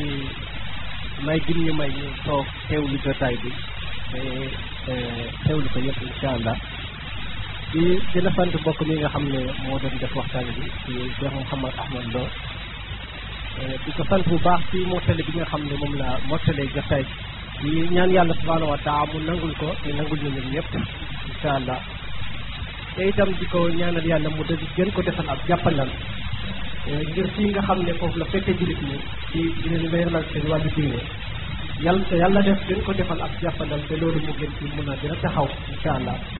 may gim ñu may ñu toog teewlu jotaay bi te teewlu ko yëpp incha allah di gën a sant bokk mi nga xam ne moo doon def waxtaan bi ci Cheikh Mouhamad Ahmad Lo eh, di ko sant bu baax ci mottale bi nga xam ne moom la mottalee jotaay bi di ñaan yàlla subhaanahu wa taala mu nangul ko te nangul ñu ñun ñëpp incha allah te itam di ko ñaanal yàlla mu dëgg gën ko defal ab jàppandal ngir fii nga xam ne foofu la fekkee jullit ñi ci di leen leeralal seen wàllu diine yàlla te yàlla def gën ko defal ab jàppandal te loolu mu gën ci mën a gën a xaw incha allah